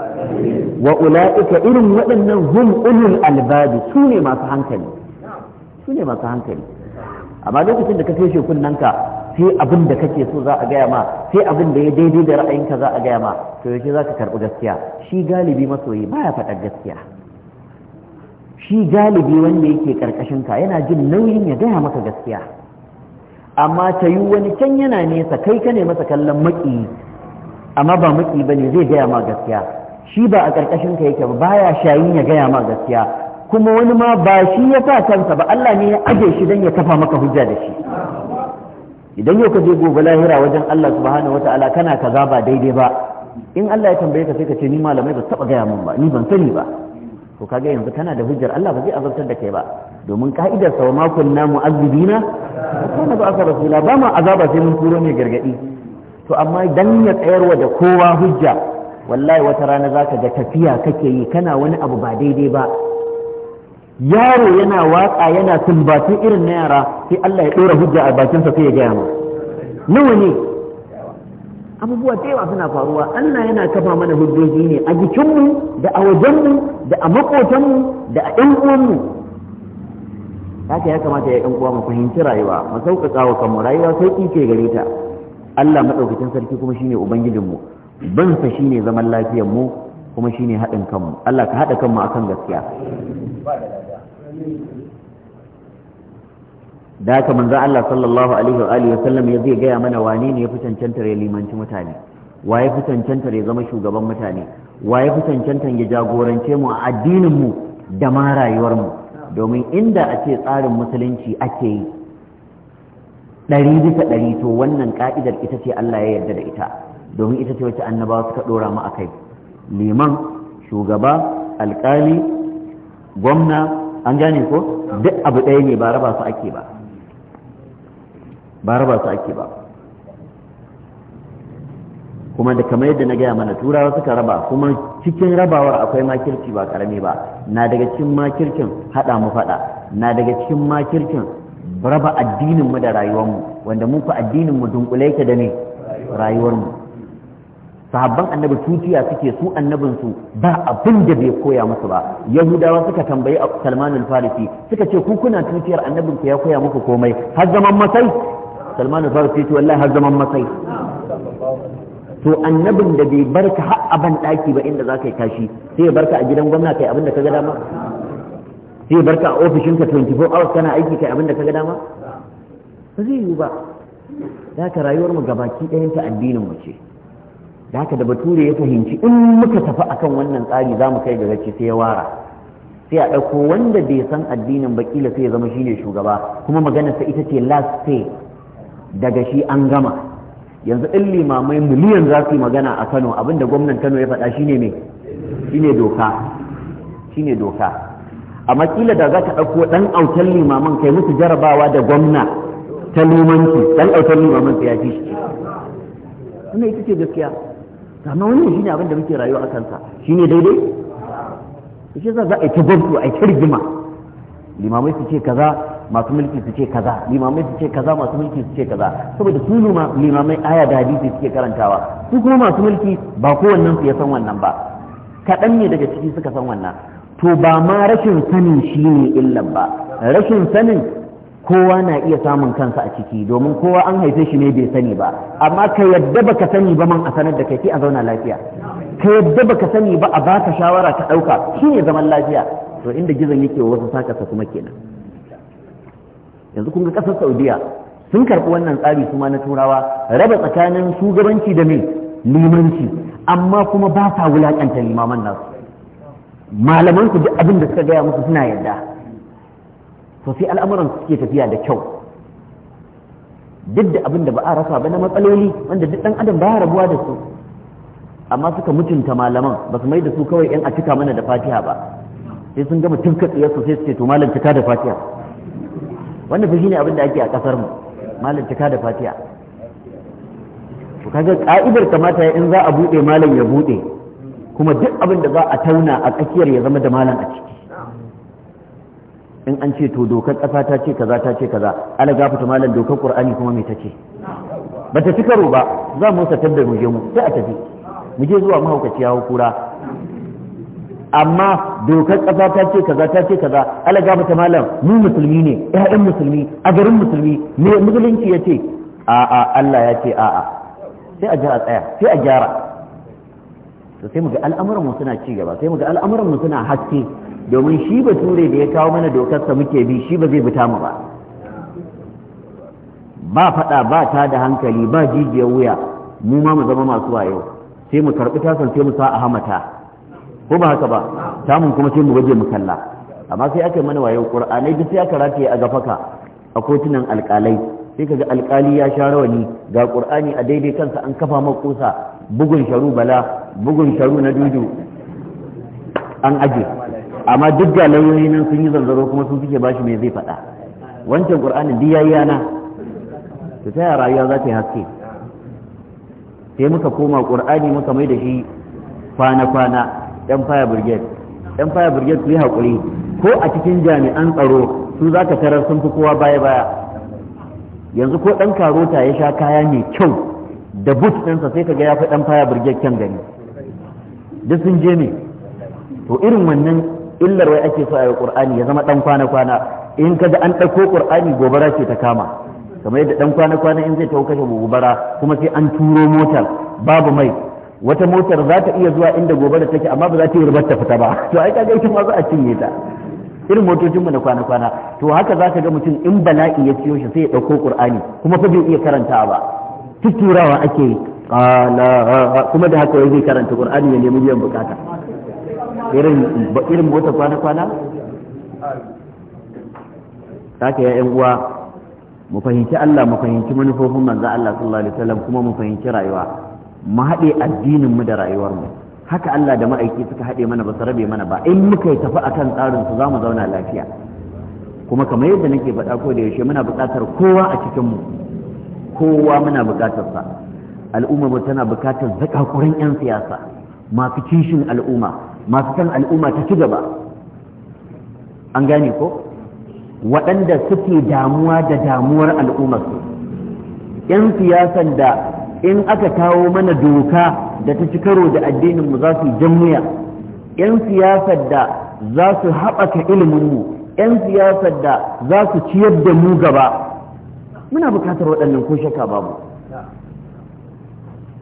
wa ulaika irin waɗannan hum ulul albabi su ne masu hankali su ne masu hankali amma lokacin da ka feshe kunnanka sai abin da kake so za a gaya ma sai abin da ya daidai da ra'ayinka za a gaya ma to yaushe za ka karɓi gaskiya shi galibi masoyi baya faɗar gaskiya shi galibi wanda yake ƙarƙashin ka yana jin nauyin ya gaya maka gaskiya amma ta yi wani can yana nesa kai ka ne masa kallon maki amma ba maki ba ne zai gaya ma gaskiya shi ba a ƙarƙashin ka yake ba baya shayin ya gaya ma gaskiya kuma wani ma ba shi ya sa kansa ba Allah ne ya aje shi don ya kafa maka hujja da shi idan yau ka je gobe lahira wajen Allah subhanahu wata'ala kana kaza ba daidai ba in Allah ya tambaye ka sai ka ce ni malamai ba taba gaya min ba ni ban sani ba to kaga yanzu kana da hujjar Allah ba zai azabtar da kai ba domin ka'idar sa ma kunna mu'azzibina kana ba aka rasula ba ma azaba sai mun turo mai gargadi to amma dan ya tsayarwa da kowa hujja wallahi wata rana zaka ga tafiya kake yi kana wani abu ba daidai ba yaro yana waka yana sumbatu irin na yara sai Allah ya dora hujja a bakinsa sai ya gaya ma nawa ne abubuwa da yawa suna faruwa Allah yana kafa mana hujjoji ne a jikinmu da a wajenmu da a makotanmu da a ɗan uwanmu haka ya kamata ya ɗan uwa mu fahimci rayuwa mu sauƙaƙa wa kanmu rayuwa sai ce gare ta Allah maɗaukacin sarki kuma shine ubangijinmu bansa shine zaman lafiyar mu kuma shine haɗin kanmu Allah ka haɗa kanmu akan gaskiya da haka manzon Allah sallallahu alaihi wa alihi wasallam ya zai gaya mana wane ne ya fi cancantar ya limanci mutane wa ya fi cancantar ya zama shugaban mutane wa ya fi cancantar ya jagorance mu a addinin mu da ma rayuwar mu domin inda a ce tsarin musulunci ake yi ɗari bisa ɗari to wannan ka'idar ita ce Allah ya yarda da ita domin ita ce wacce annabawa suka ɗora mu a kai liman shugaba alkali gwamna an gane ko duk abu ɗaya ne ba raba su ake ba ba raba su ake ba kuma da kamar yadda na gaya mana turawa suka raba kuma cikin rabawar akwai makirci ba karami ba na daga cikin makircin haɗa mu faɗa na daga cikin makircin raba addinin mu da rayuwarmu wanda mun fa mu dunkule yake da ne rayuwarmu sahabban annabi tutiya suke su annabinsu ba abin da bai koya musu ba yahudawa suka tambayi salman al-farisi suka ce ku kuna tutiyar annabinku ya koya muku komai har zaman masai salman al-farisi ce wallahi har zaman masai to annabin da bai barka har aban daki ba inda zaka yi kashi sai ya barka a gidan gwamna kai abin da ka ga dama sai ya barka a ofishinka 24 hours kana aiki kai abin da ka ga dama ba zai yiwu ba da ka rayuwar mu gabaki ɗayan ta addinin mu ce da haka da bature ya fahimci in muka tafi akan wannan tsari za mu kai ga gaci sai ya wara sai a ɗauko wanda bai san addinin ba kila sai ya zama shine shugaba kuma magana sa ita ce last say daga shi an gama yanzu ɗin limamai miliyan za su yi magana a kano abinda gwamnan kano ya faɗa shine me shine doka shine doka amma kila da za ka ɗauko ɗan autan limaman kai musu jarabawa da gwamna ta limanci ɗan autan limaman sai ya fi shi wannan ita ce gaskiya amma wani ne abin da muke rayuwa a kansa shi ne daidai shi yasa za a yi ta gwamnati a yi ta rigima limamai su ce kaza masu mulki su ce kaza limamai su ce kaza masu mulki su ce kaza saboda su limamai aya da hadisi suke karantawa su kuma masu mulki ba kowannen su ya san wannan ba kaɗan ne daga ciki suka san wannan to ba ma rashin sanin shi ne illan ba rashin sanin kowa na iya samun kansa a ciki domin kowa an haife shi ne bai sani ba amma ka yadda baka sani ba man a sanar da kai sai a zauna lafiya ka yadda baka sani ba a baka shawara ka ɗauka shine zaman lafiya to inda gizon yake wasu sakasa kuma kenan yanzu kun ga ƙasar saudiya sun karɓi wannan tsari kuma na turawa raba tsakanin shugabanci da mai limanci amma kuma ba sa wulaƙanta limaman nasu malaman su duk abin da suka gaya musu suna yadda to sai al'amuran suke tafiya da kyau duk da abin da ba a rasa ba na matsaloli wanda duk dan adam ba rabuwa da su amma suka mutunta malaman ba su mai da su kawai yan a cika mana da fatiha ba sai sun gama tufka su sai su ce to malam cika da fatiha wannan fa shine abin da ake a kasar mu malam cika da fatiha to kaga ka'idar kamata in za a buɗe malam ya buɗe kuma duk abin da za a tauna a tsakiyar ya zama da malam a ciki in an ce to dokar ƙasa ta ce kaza ta ce kaza ala gafata malam dokar qur'ani kuma me tace ba ta ci karo ba za mu satar da muje mu sai a tafi mu je zuwa mahaukaci ya kura amma dokar ƙasa ta ce kaza ta ce kaza ala gafata malam mu musulmi ne ƴaƴan musulmi a garin musulmi me musulunci yace a'a Allah ya ce a'a sai a ji a tsaya sai a gyara sai mu ga al'amuran mu suna ci gaba sai mu ga al'amuran mu suna haske domin shi Ture da ya kawo mana dokarsa muke bi shi ba zai bi mu ba ba faɗa ba ta da hankali ba jijiyar wuya mu ma mu zama masu wayo sai mu karɓi tasan sai mu sa a hamata ko ba haka ba samun kuma sai mu baje mu kalla amma sai aka mana wayo qur'anai duk sai aka rataye a gafaka a kotunan alƙalai sai kaga alƙali ya sha rawani ga qur'ani a daidai kansa an kafa maka kusa bugun sharu bala bugun sharu na dudu an aje amma duk da lauyoyi nan sun yi zanzaro kuma sun suke bashi mai zai faɗa wancan qur'ani duk yayi yana to ta rayuwa za ta yi haske sai muka koma qur'ani muka mai da shi kwana kwana dan fire brigade dan fire brigade su yi hakuri ko a cikin jami'an tsaro su za ka tarar sun fi kowa baya baya yanzu ko dan karota ya sha kaya mai kyau da boot ɗinsa sai ka ga ya fi dan fire brigade kyan gani duk sun je ne to irin wannan illar wai ake so a yi qur'ani ya zama dan kwana kwana in kaga an ɗauko qur'ani gobara ce ta kama kamar yadda dan kwana kwana in zai tawo kashe gobara kuma sai an turo motar babu mai wata motar za ta iya zuwa inda gobara take amma ba za ta yi ta fita ba [laughs] to ai kaga ita ma za a cinye ta irin motocinmu na kwana-kwana to haka za ka ga mutum in bala'i ya ciyo shi sai ya ɗauko ƙur'ani kuma fa bai iya karanta ba tuturawa ake kuma da haka zai karanta kur'ani ya nemi biyan bukata irin irin mota kwana kwana saka ya yan uwa mu fahimci Allah mu fahimci manufofin manzo Allah sallallahu alaihi wasallam kuma mu fahimci rayuwa mu haɗe addinin mu da rayuwar mu haka Allah da ma'aiki suka haɗe mana ba su rabe mana ba in muka yi tafi akan tsarin su zamu zauna lafiya kuma kamar yadda nake faɗa ko da yaushe muna buƙatar kowa a cikin mu kowa muna buƙatar sa al'umma mu tana buƙatar zakakuran yan siyasa masu kishin al'umma masu kan al'umma ta ci gaba an gane ko waɗanda suke damuwa da damuwar su 'yan siyasan da in aka kawo mana doka da ta ci karo da addininmu za su jammuya 'yan siyasar da za su haɓaka iliminmu 'yan siyasar da za su ciyar da mu gaba muna bukatar waɗannan ko shaka babu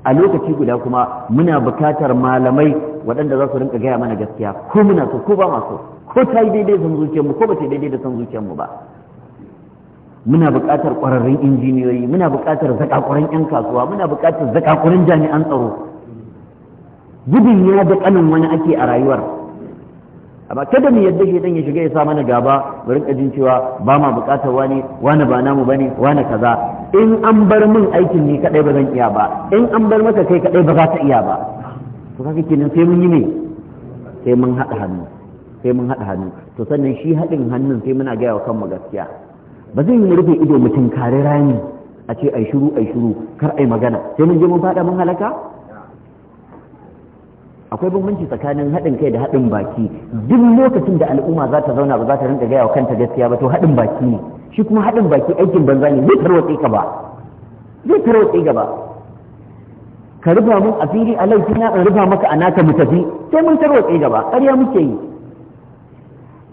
a lokaci guda kuma muna bukatar malamai waɗanda za su rinka gaya mana gaskiya ko muna so ko ba ma so ko ta yi daidai san zuciyarmu ko ba ta daidai da san zuciyarmu ba muna buƙatar ƙwararrun injiniyoyi muna buƙatar zakakuran 'yan kasuwa muna buƙatar zakakuran jami'an tsaro gudun ya da ƙanin wani ake a rayuwar amma kada mu yadda shi ya shiga ya sa mana gaba mu rinka jin cewa ba ma buƙatar wani wani ba namu bane wani kaza in an bar min aikin ni kadai ba zan iya ba in an bar maka kai kadai ba za ka iya ba to kaga kenan sai mun yi ne sai mun haɗa hannu sai mun haɗa hannu to sannan shi haɗin hannun sai muna gaya wa kanmu gaskiya ba zai yi rufe ido mutum kare rani a ce ai shiru ai shiru kar ai magana sai mun je mun faɗa mun halaka akwai bambanci tsakanin haɗin kai da haɗin baki duk lokacin da al'umma za ta zauna ba za ta rinka gaya wa kanta gaskiya ba to haɗin baki ne shi kuma haɗin baki aikin banza ne zai tarwatsi ka ba zai tarwatse gaba ka rufa mun a fili a na in rufa maka a naka mu tafi sai mun tarwatse gaba ƙarya muke yi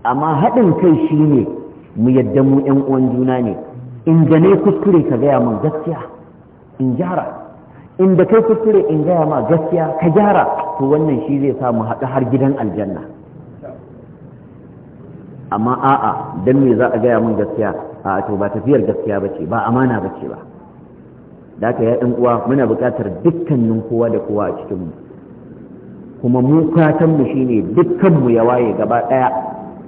amma haɗin kai shi ne mu yadda mu ƴan uwan juna ne in ne kuskure ka gaya mun gaskiya in gyara in da kai kuskure in gaya ma gaskiya ka gyara to wannan shi zai sa mu haɗu har gidan aljanna amma a'a dan me za a gaya mun gaskiya a to ba tafiyar gaskiya bace ba amana bace ba da aka yi ɗan uwa muna buƙatar dukkanin kowa da kowa a cikinmu kuma mu fatanmu shine dukkanmu ya waye gaba ɗaya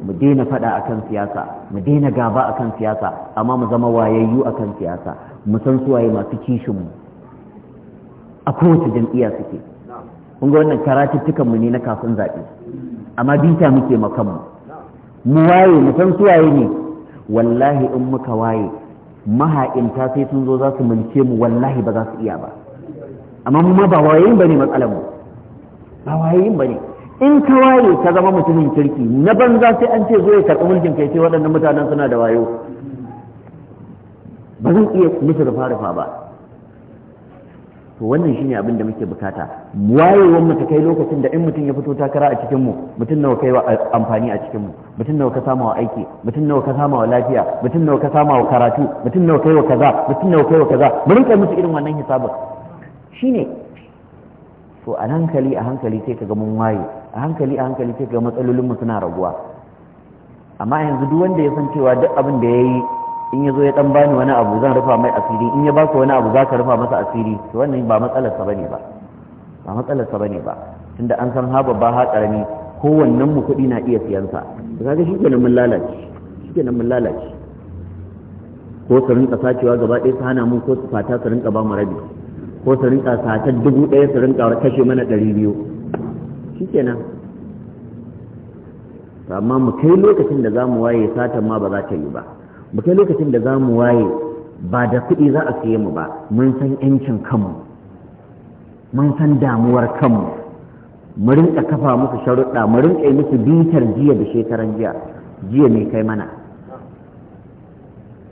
mu daina faɗa akan siyasa mu daina gaba akan siyasa amma mu zama wayayyu akan siyasa mu san suwaye masu kishinmu a kowace jam'iyya suke kun ga wannan karatuttukan mu ne na kafin zaɓe amma bita muke makanmu mu waye mu san suwaye ne wallahi in muka waye maha'inta sai sun zo za su mulke mu wallahi ba za su iya ba amma mu ma ba wayayin ne matsalar mu ba wayayin bane in ka waye ka zama mutumin kirki na banza sai an ce zo ya karɓi mulkin kai sai waɗannan mutanen suna da wayo ba zan iya musu rufa rufa ba to wannan shine abin da muke bukata wayewar mu ta kai lokacin da in mutum ya fito takara a cikin mu mutum nawa kai eh, amfani a cikin mu mutum nawa ka sama wa aiki mutum nawa ka sama wa lafiya mutum nawa ka sama wa karatu mutum nawa kai wa kaza mutum nawa kai wa kaza mu rinka musu irin wannan hisabin shine to a hankali a hankali sai ka ga mun waye a hankali a hankali sai ka ga matsalolin mu suna raguwa amma yanzu duk wanda ya san cewa duk abin da yayi in ya zo ya dan bani wani abu zan rufa mai asiri in ya baka wani abu zaka rufa masa asiri to wannan ba matsalar sa bane ba ba matsalar sa bane ba tunda an san ha babba ha karami kowannen mu kuɗi na iya siyan sa to kaga shikenan mun lalace shikenan mun lalace ko su rinka sacewa gaba ɗaya su hana mu ko su fata su rinka ba mu rabi ko su rinka satar dubu ɗaya su rinka kashe mana ɗari biyu shikenan amma mu kai lokacin da za mu waye satan ma ba za ta yi ba Bakai lokacin da za mu waye ba da kuɗi za a siye mu ba mun san yancin kanmu mun san damuwar kanmu mu rinka kafa musu sharuɗa mu rinka yi musu bitar jiya da shekaran jiya jiya mai kai mana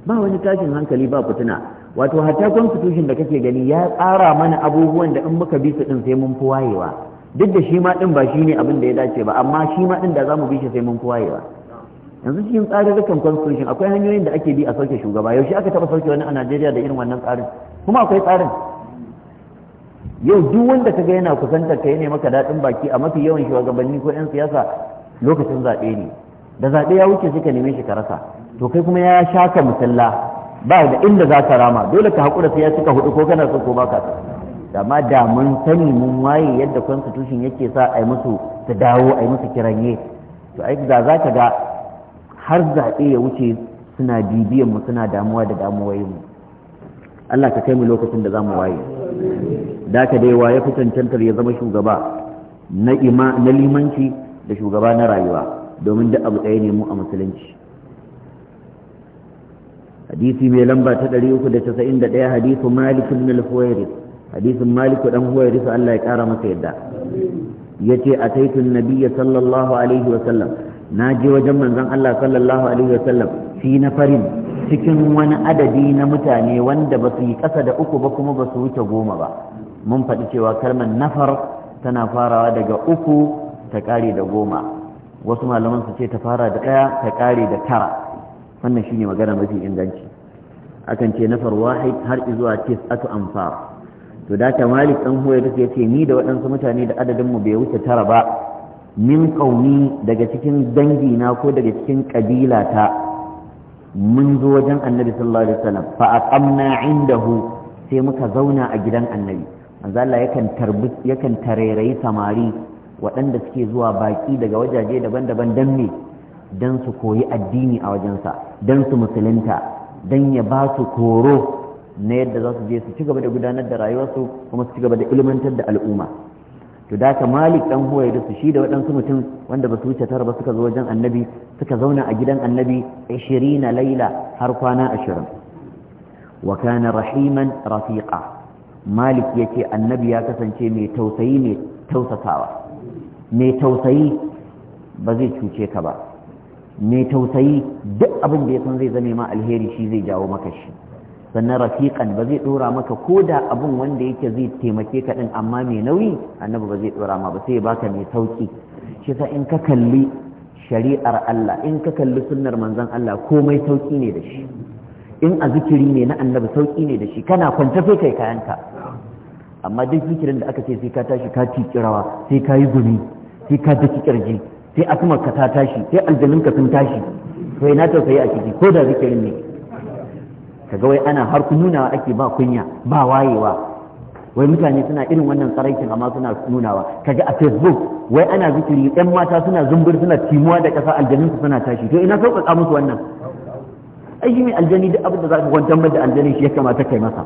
ba wani tashin hankali ba fituna wato hatta constitution da kake gani ya tsara mana abubuwan da in muka bi su din sai mun fi wayewa duk da shi ma din ba shine abin da ya dace ba amma shi ma din da zamu bi shi sai mun fi wayewa yanzu cikin tsarurrukan constitution akwai hanyoyin da ake bi a sauke shugaba yaushe aka taba sauke wani a Najeriya da irin wannan tsarin kuma akwai tsarin yau duk wanda kaga yana kusantar ka ne maka daɗin baki a mafi yawan shugabanni ko 'yan siyasa lokacin zaɓe ne da zaɓe ya wuce suka neme shi ka rasa to kai kuma ya shaka musalla ba da inda za ka rama dole ka haƙura sai ya cika hudu ko kana so ko baka so amma da mun sani mun waye yadda constitution yake sa a yi musu su dawo a yi musu kiranye to ai da za ka ga har zaɓe ya wuce suna bibiyan mu suna damuwa da damuwayin mu Allah ka kai mu lokacin da za mu waye da ka dai waye fi cancantar ya zama shugaba na limanci da shugaba na rayuwa domin duk abu ɗaya ne mu a musulunci hadisi mai lamba ta 391 hadisu malik ibn al-huwairis hadisin malik dan huwairis Allah ya kara masa yadda yace ataitu an-nabiyya sallallahu alaihi wa sallam na je wajen manzon Allah sallallahu alaihi wasallam fi farin cikin wani adadi na mutane wanda ba su yi ƙasa da uku ba kuma ba su wuce goma ba mun faɗi cewa kalmar nafar tana farawa daga uku ta ƙare da goma wasu malaman su ce ta fara da ɗaya ta ƙare da tara wannan shine magana mafi inganci akan ce nafar wahid har zuwa atu amfar to da ta malik dan huwa ya ce ni da waɗansu mutane da adadin mu bai wuce tara ba min ƙauni daga cikin dangina ko daga cikin ƙabilata mun zo wajen annabi sallallahu alaihi wasallam fa aqamna indahu sai muka zauna a gidan annabi manzo Allah yakan tarbi yakan samari waɗanda suke zuwa baki daga wajaje daban-daban dan me dan su koyi addini a wajensa dan su musulunta dan ya ba su koro na yadda za su je su ci gaba da gudanar da rayuwarsu kuma su ci gaba da ilmantar da al'umma to da ka malik dan huwaida su shi da waɗansu mutum wanda ba su wuce tara ba suka zo wajen annabi suka zauna a gidan annabi 20 laila har kwana 20 wa kana rahiman rafiqa malik yake annabi ya kasance mai tausayi mai tausasawa mai tausayi ba zai cuce ka ba mai tausayi duk abin da ya san zai zame ma alheri shi zai jawo maka shi sannan rafiqan ba zai dora maka ko da abun wanda yake zai taimake ka din amma mai nauyi annabi ba zai dora ma ba sai ya baka mai sauki shi sa in ka kalli shari'ar Allah in ka kalli sunnar manzon Allah komai sauki ne da shi in a zikiri ne na annabi sauki ne da shi kana kwanta sai kai kayanka amma duk zikirin da aka ce sai ka tashi ka ci kirawa sai ka yi gumi sai ka daki kirji sai asmar ka ta tashi sai aljanun ka sun tashi to ina tausayi a ciki ko da zikirin ne kaga wai ana har nunawa ake ba kunya ba wayewa wai mutane suna irin wannan tsaraikin amma suna nunawa kaga a facebook wai ana zikiri yan mata suna zumbir suna timuwa da kasa aljanin su suna tashi to ina sauƙaƙa musu wannan ai shi mai aljani duk abin da za ka kwantar da aljani shi ya kamata kai masa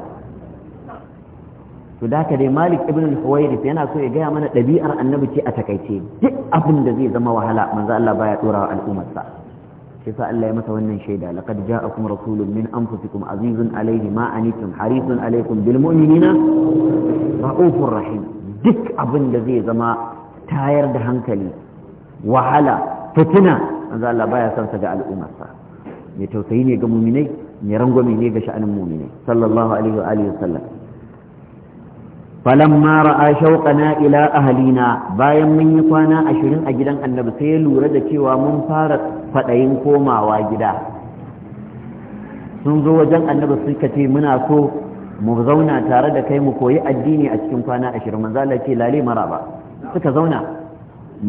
to da dai malik ibn al-huwairith yana so ya gaya mana ɗabi'ar annabi ce a takaice duk abin da zai zama wahala manzo Allah baya ɗora wa al'ummarsa yasa Allah ya masa wannan shaida laqad ja'akum rasulun min anfusikum azizun alayhi ma anitum harisun alaykum bil mu'minina raufur rahim duk abin da zai zama tayar da hankali wahala fitina manzo Allah baya son sa ga al'ummarsa mai tausayi ne ga mu'minai mai rangwame ne ga sha'anin mu'minai sallallahu alaihi wa alihi wasallam falamma ra'a shauqana ila ahlina bayan mun yi kwana ashirin a gidan annabi sai ya lura da cewa mun fara fadayin komawa gida sun zo wajen annabi suka ce muna so mu zauna tare da kai mu koyi addini a cikin kwana ashirin manzo Allah ce lale maraba suka zauna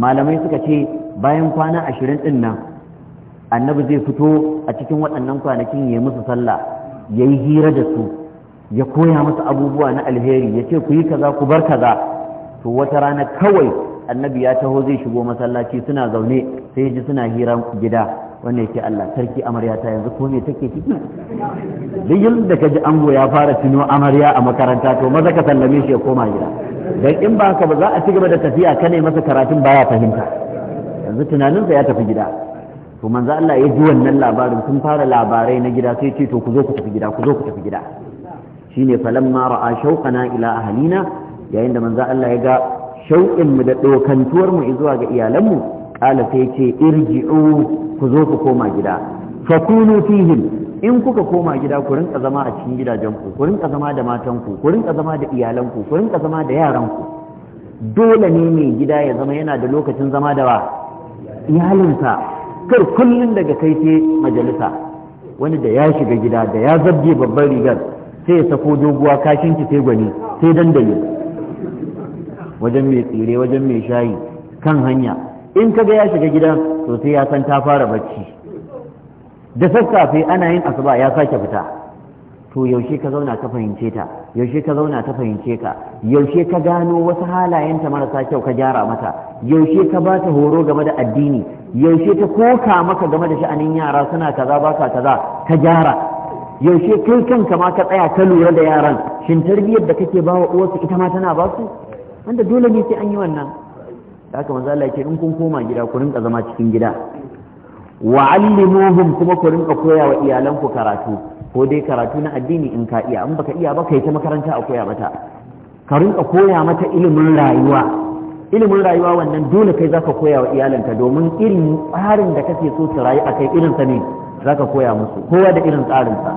malamai suka ce bayan kwana ashirin din nan annabi zai fito a cikin waɗannan kwanakin ya musu sallah ya hira da su ya koya masa abubuwa na alheri ya ce ku yi kaza ku bar kaza to wata rana kawai annabi ya taho zai shigo masallaci suna zaune sai ji suna hira gida wanda yake Allah sarki amarya ta yanzu ko me take ciki duk yanda ka ji ango ya fara tuno amarya a makaranta to maza ka sallame shi ya koma gida dan in ba haka ba za a ci gaba da tafiya kane masa karatun baya fahimta yanzu tunaninsa ya tafi gida to manzo Allah ya ji wannan labarin sun fara labarai na gida sai ce to ku zo ku tafi gida ku zo ku tafi gida shine falamma ra'a shauqana ila ahlina yayin da manzo Allah ya ga shauƙin mu da dokantuwar mu zuwa ga iyalanmu qala sai ce irji'u ku zo ku koma gida fakunu fihim in kuka koma gida ku rinka zama a cikin gidajenku ku rinka zama da matanku ku rinka zama da iyalanku ku rinka zama da yaranku dole ne mai gida ya zama yana da lokacin zama da wa iyalinsa kar kullum daga kai sai majalisa wani da ya shiga gida da ya zabge babban rigar sai ya sako doguwa kashin ki sai gwani sai dandali wajen mai tsire wajen mai shayi kan hanya in kaga ya shiga gidan to sai ya san ta fara bacci da sassafe ana yin asuba ya sake fita to yaushe ka zauna ka fahimce ta yaushe ka zauna ta fahimce ka yaushe ka gano wasu halayenta marasa kyau ka gyara mata yaushe ka ba ta horo game da addini yaushe ta koka maka game da sha'anin yara suna kaza ba ka kaza ka gyara yaushe kai kanka ma ka tsaya ka lura da yaran shin tarbiyyar da kake ba wa uwarsu ita ma tana ba su wanda dole ne sai an yi wannan da haka manzo Allah in kun koma gida ku rinka zama cikin gida wa allimuhum kuma ku rinka koya wa iyalanku karatu ko dai karatu na addini in ka iya in baka iya ba kai ta makaranta a koya mata ka rinka koya mata ilimin rayuwa ilimin rayuwa wannan dole kai zaka koya wa iyalanka domin irin tsarin da kake so su rayu a kai irin sa ne za ka koya musu kowa da irin tsarinsa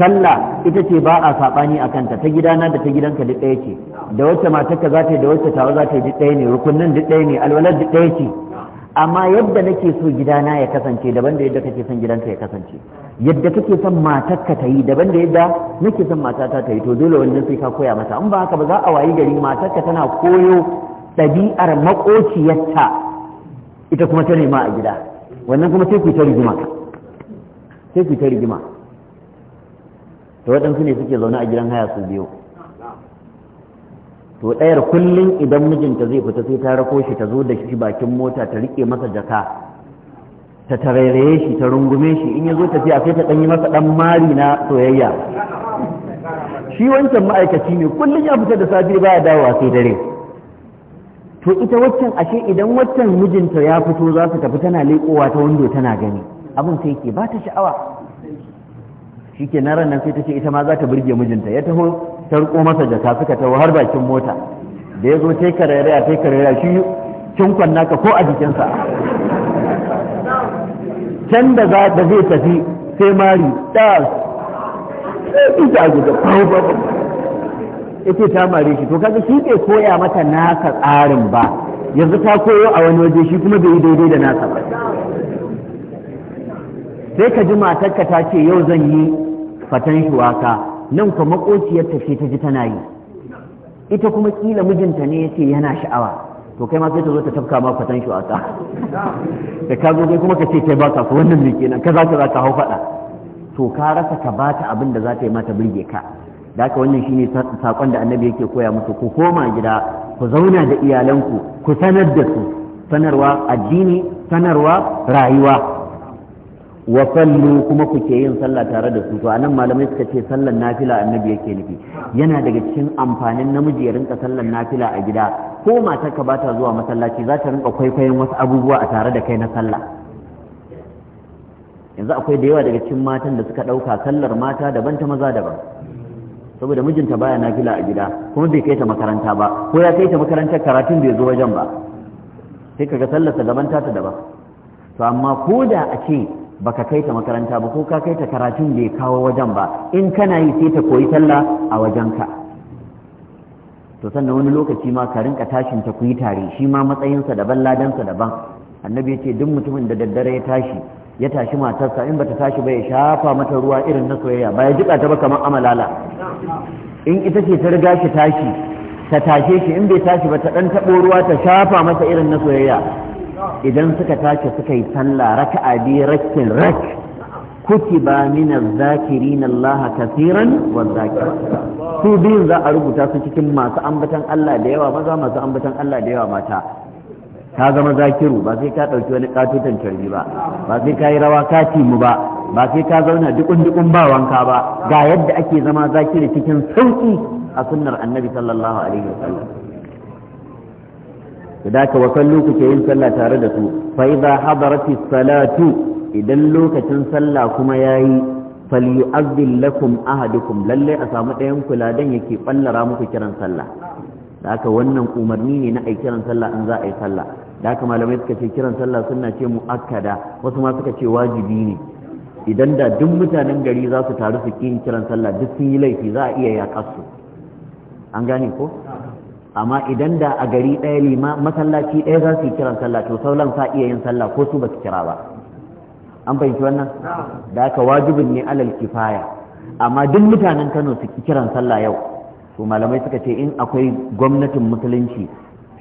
sallah ita ce ba a saɓani a kanta ta gidana da ta gidanka duk ɗaya ce da wacce matarka za ta yi da wacce tawa za ta yi duk ɗaya ne rukunin duk ɗaya ne alwalar duk ɗaya ce amma yadda nake so gidana ya kasance daban da yadda kake son gidanka ya kasance yadda kake son matarka ta yi daban da yadda nake son matata ta yi to dole wannan sai ka koya mata in ba haka ba za a wayi gari matarka tana koyo ɗabi'ar makociyarta ita kuma ta nema a gida wannan kuma sai ku ta rigima sai ku ta rigima to waɗansu ne suke zaune a gidan haya su biyu to ɗayar kullum idan mijinta zai fita sai ta rako shi ta zo da shi bakin mota ta riƙe masa jaka ta tarairaye shi ta rungume shi in ya zo tafiya sai ta ɗanyi masa ɗan mari na soyayya shi wancan ma'aikaci ne kullum ya fita da safe baya dawowa sai dare to ita waccan ashe idan waccan mijinta ya fito za su tafi tana leƙowa ta wando tana gani abin sai ke ba ta sha'awa shi ke na ran sai ta ce ita ma za ta burge mijinta ya taho ta riko masa jaka suka taho har bakin mota da ya zo ta karera ta karera shi kwanna naka ko a jikinsa can da za da zai tafi sai mari ɗas ita a ba ita ta mare shi to kaga shi ke koya mata nasa tsarin ba yanzu ta koyo a wani waje shi kuma bai yi daidai da nasa ba sai ka ji matarka ta ce yau zan yi fatan shuwaka nan kuma makociyar ta ce ta ji tana yi ita kuma kila mijinta ne ya ce yana sha'awa to kai ma sai ta zo ta tafka ma fatan shuwaka da ka zo kai kuma ka ce kai baka ko wannan ne kenan ka za ka za ka hau faɗa to ka rasa ka bata abin da za ta yi mata birge ka da haka wannan shine sakon da annabi yake koya musu ku koma gida ku zauna da iyalanku ku sanar da su sanarwa addini sanarwa rayuwa wa sallu kuma ku ke yin sallah tare da su to anan malamai suka ce sallan nafila annabi yake nufi yana daga cikin amfanin namiji ya rinka sallan nafila a gida ko matar ka bata zuwa masallaci za ta rinka kwaikwayon wasu abubuwa a tare da kai na sallah yanzu akwai da yawa daga cikin matan da suka ɗauka sallar mata daban ta maza daban saboda mijinta baya nafila a gida kuma bai kai ta makaranta ba ko ya kai ta makarantar karatun bai zo wajen ba sai kaga sallarsa gaban ta daban to amma ko da a ce baka kai ta makaranta ba ko ka kai ta karatun da ya kawo wajen ba in kana yi sai ta koyi talla a wajen ka. to sannan wani lokaci ma ka rinka tashin ta kuyi tare shi ma matsayinsa daban ladansa daban annabi ya ce duk mutumin da daddare ya tashi ya tashi matarsa in bata tashi ba ya shafa mata ruwa irin na soyayya ba ya jiƙa ta ba kamar amalala in ita ce ta riga shi tashi ta tashe shi in bai tashi ba ta dan taɓo ruwa ta shafa masa irin na soyayya idan suka tashi suka yi sallah raka'a biyu rakin rak kutiba min az-zakirin Allah kaseeran wa zakir su biyun za a rubuta su cikin masu ambatan Allah da yawa maza masu ambatan Allah da yawa mata ka zama zakiru ba sai ka ɗauki wani katutan tarbi ba ba sai ka yi rawa kati mu ba ba sai ka zauna dukun dukun ba wanka ba ga yadda ake zama zakiri cikin sauki a sunnar annabi sallallahu alaihi wasallam da ka wasallu ku yin sallah tare da su fa idza hadarati salatu idan lokacin sallah kuma yayi falyu'adhdhil lakum ahadukum lalle a samu ɗayan kuladan yake ballara muku kiran sallah da aka wannan umarni ne na ai kiran sallah in za a yi sallah da aka malamai suka ce kiran sallah suna ce muakkada wasu ma suka ce wajibi ne idan da duk mutanen gari za su taru su kiran sallah duk sun yi laifi za a iya yaƙar su an gane ko amma idan da a gari ɗaya lima masallaci ɗaya za su yi kiran sallah to sauran sa iya yin sallah ko su ba su kira ba an fahimci wannan da haka wajibin ne alal kifaya amma duk mutanen Kano su ki kiran sallah yau to malamai suka ce in akwai gwamnatin musulunci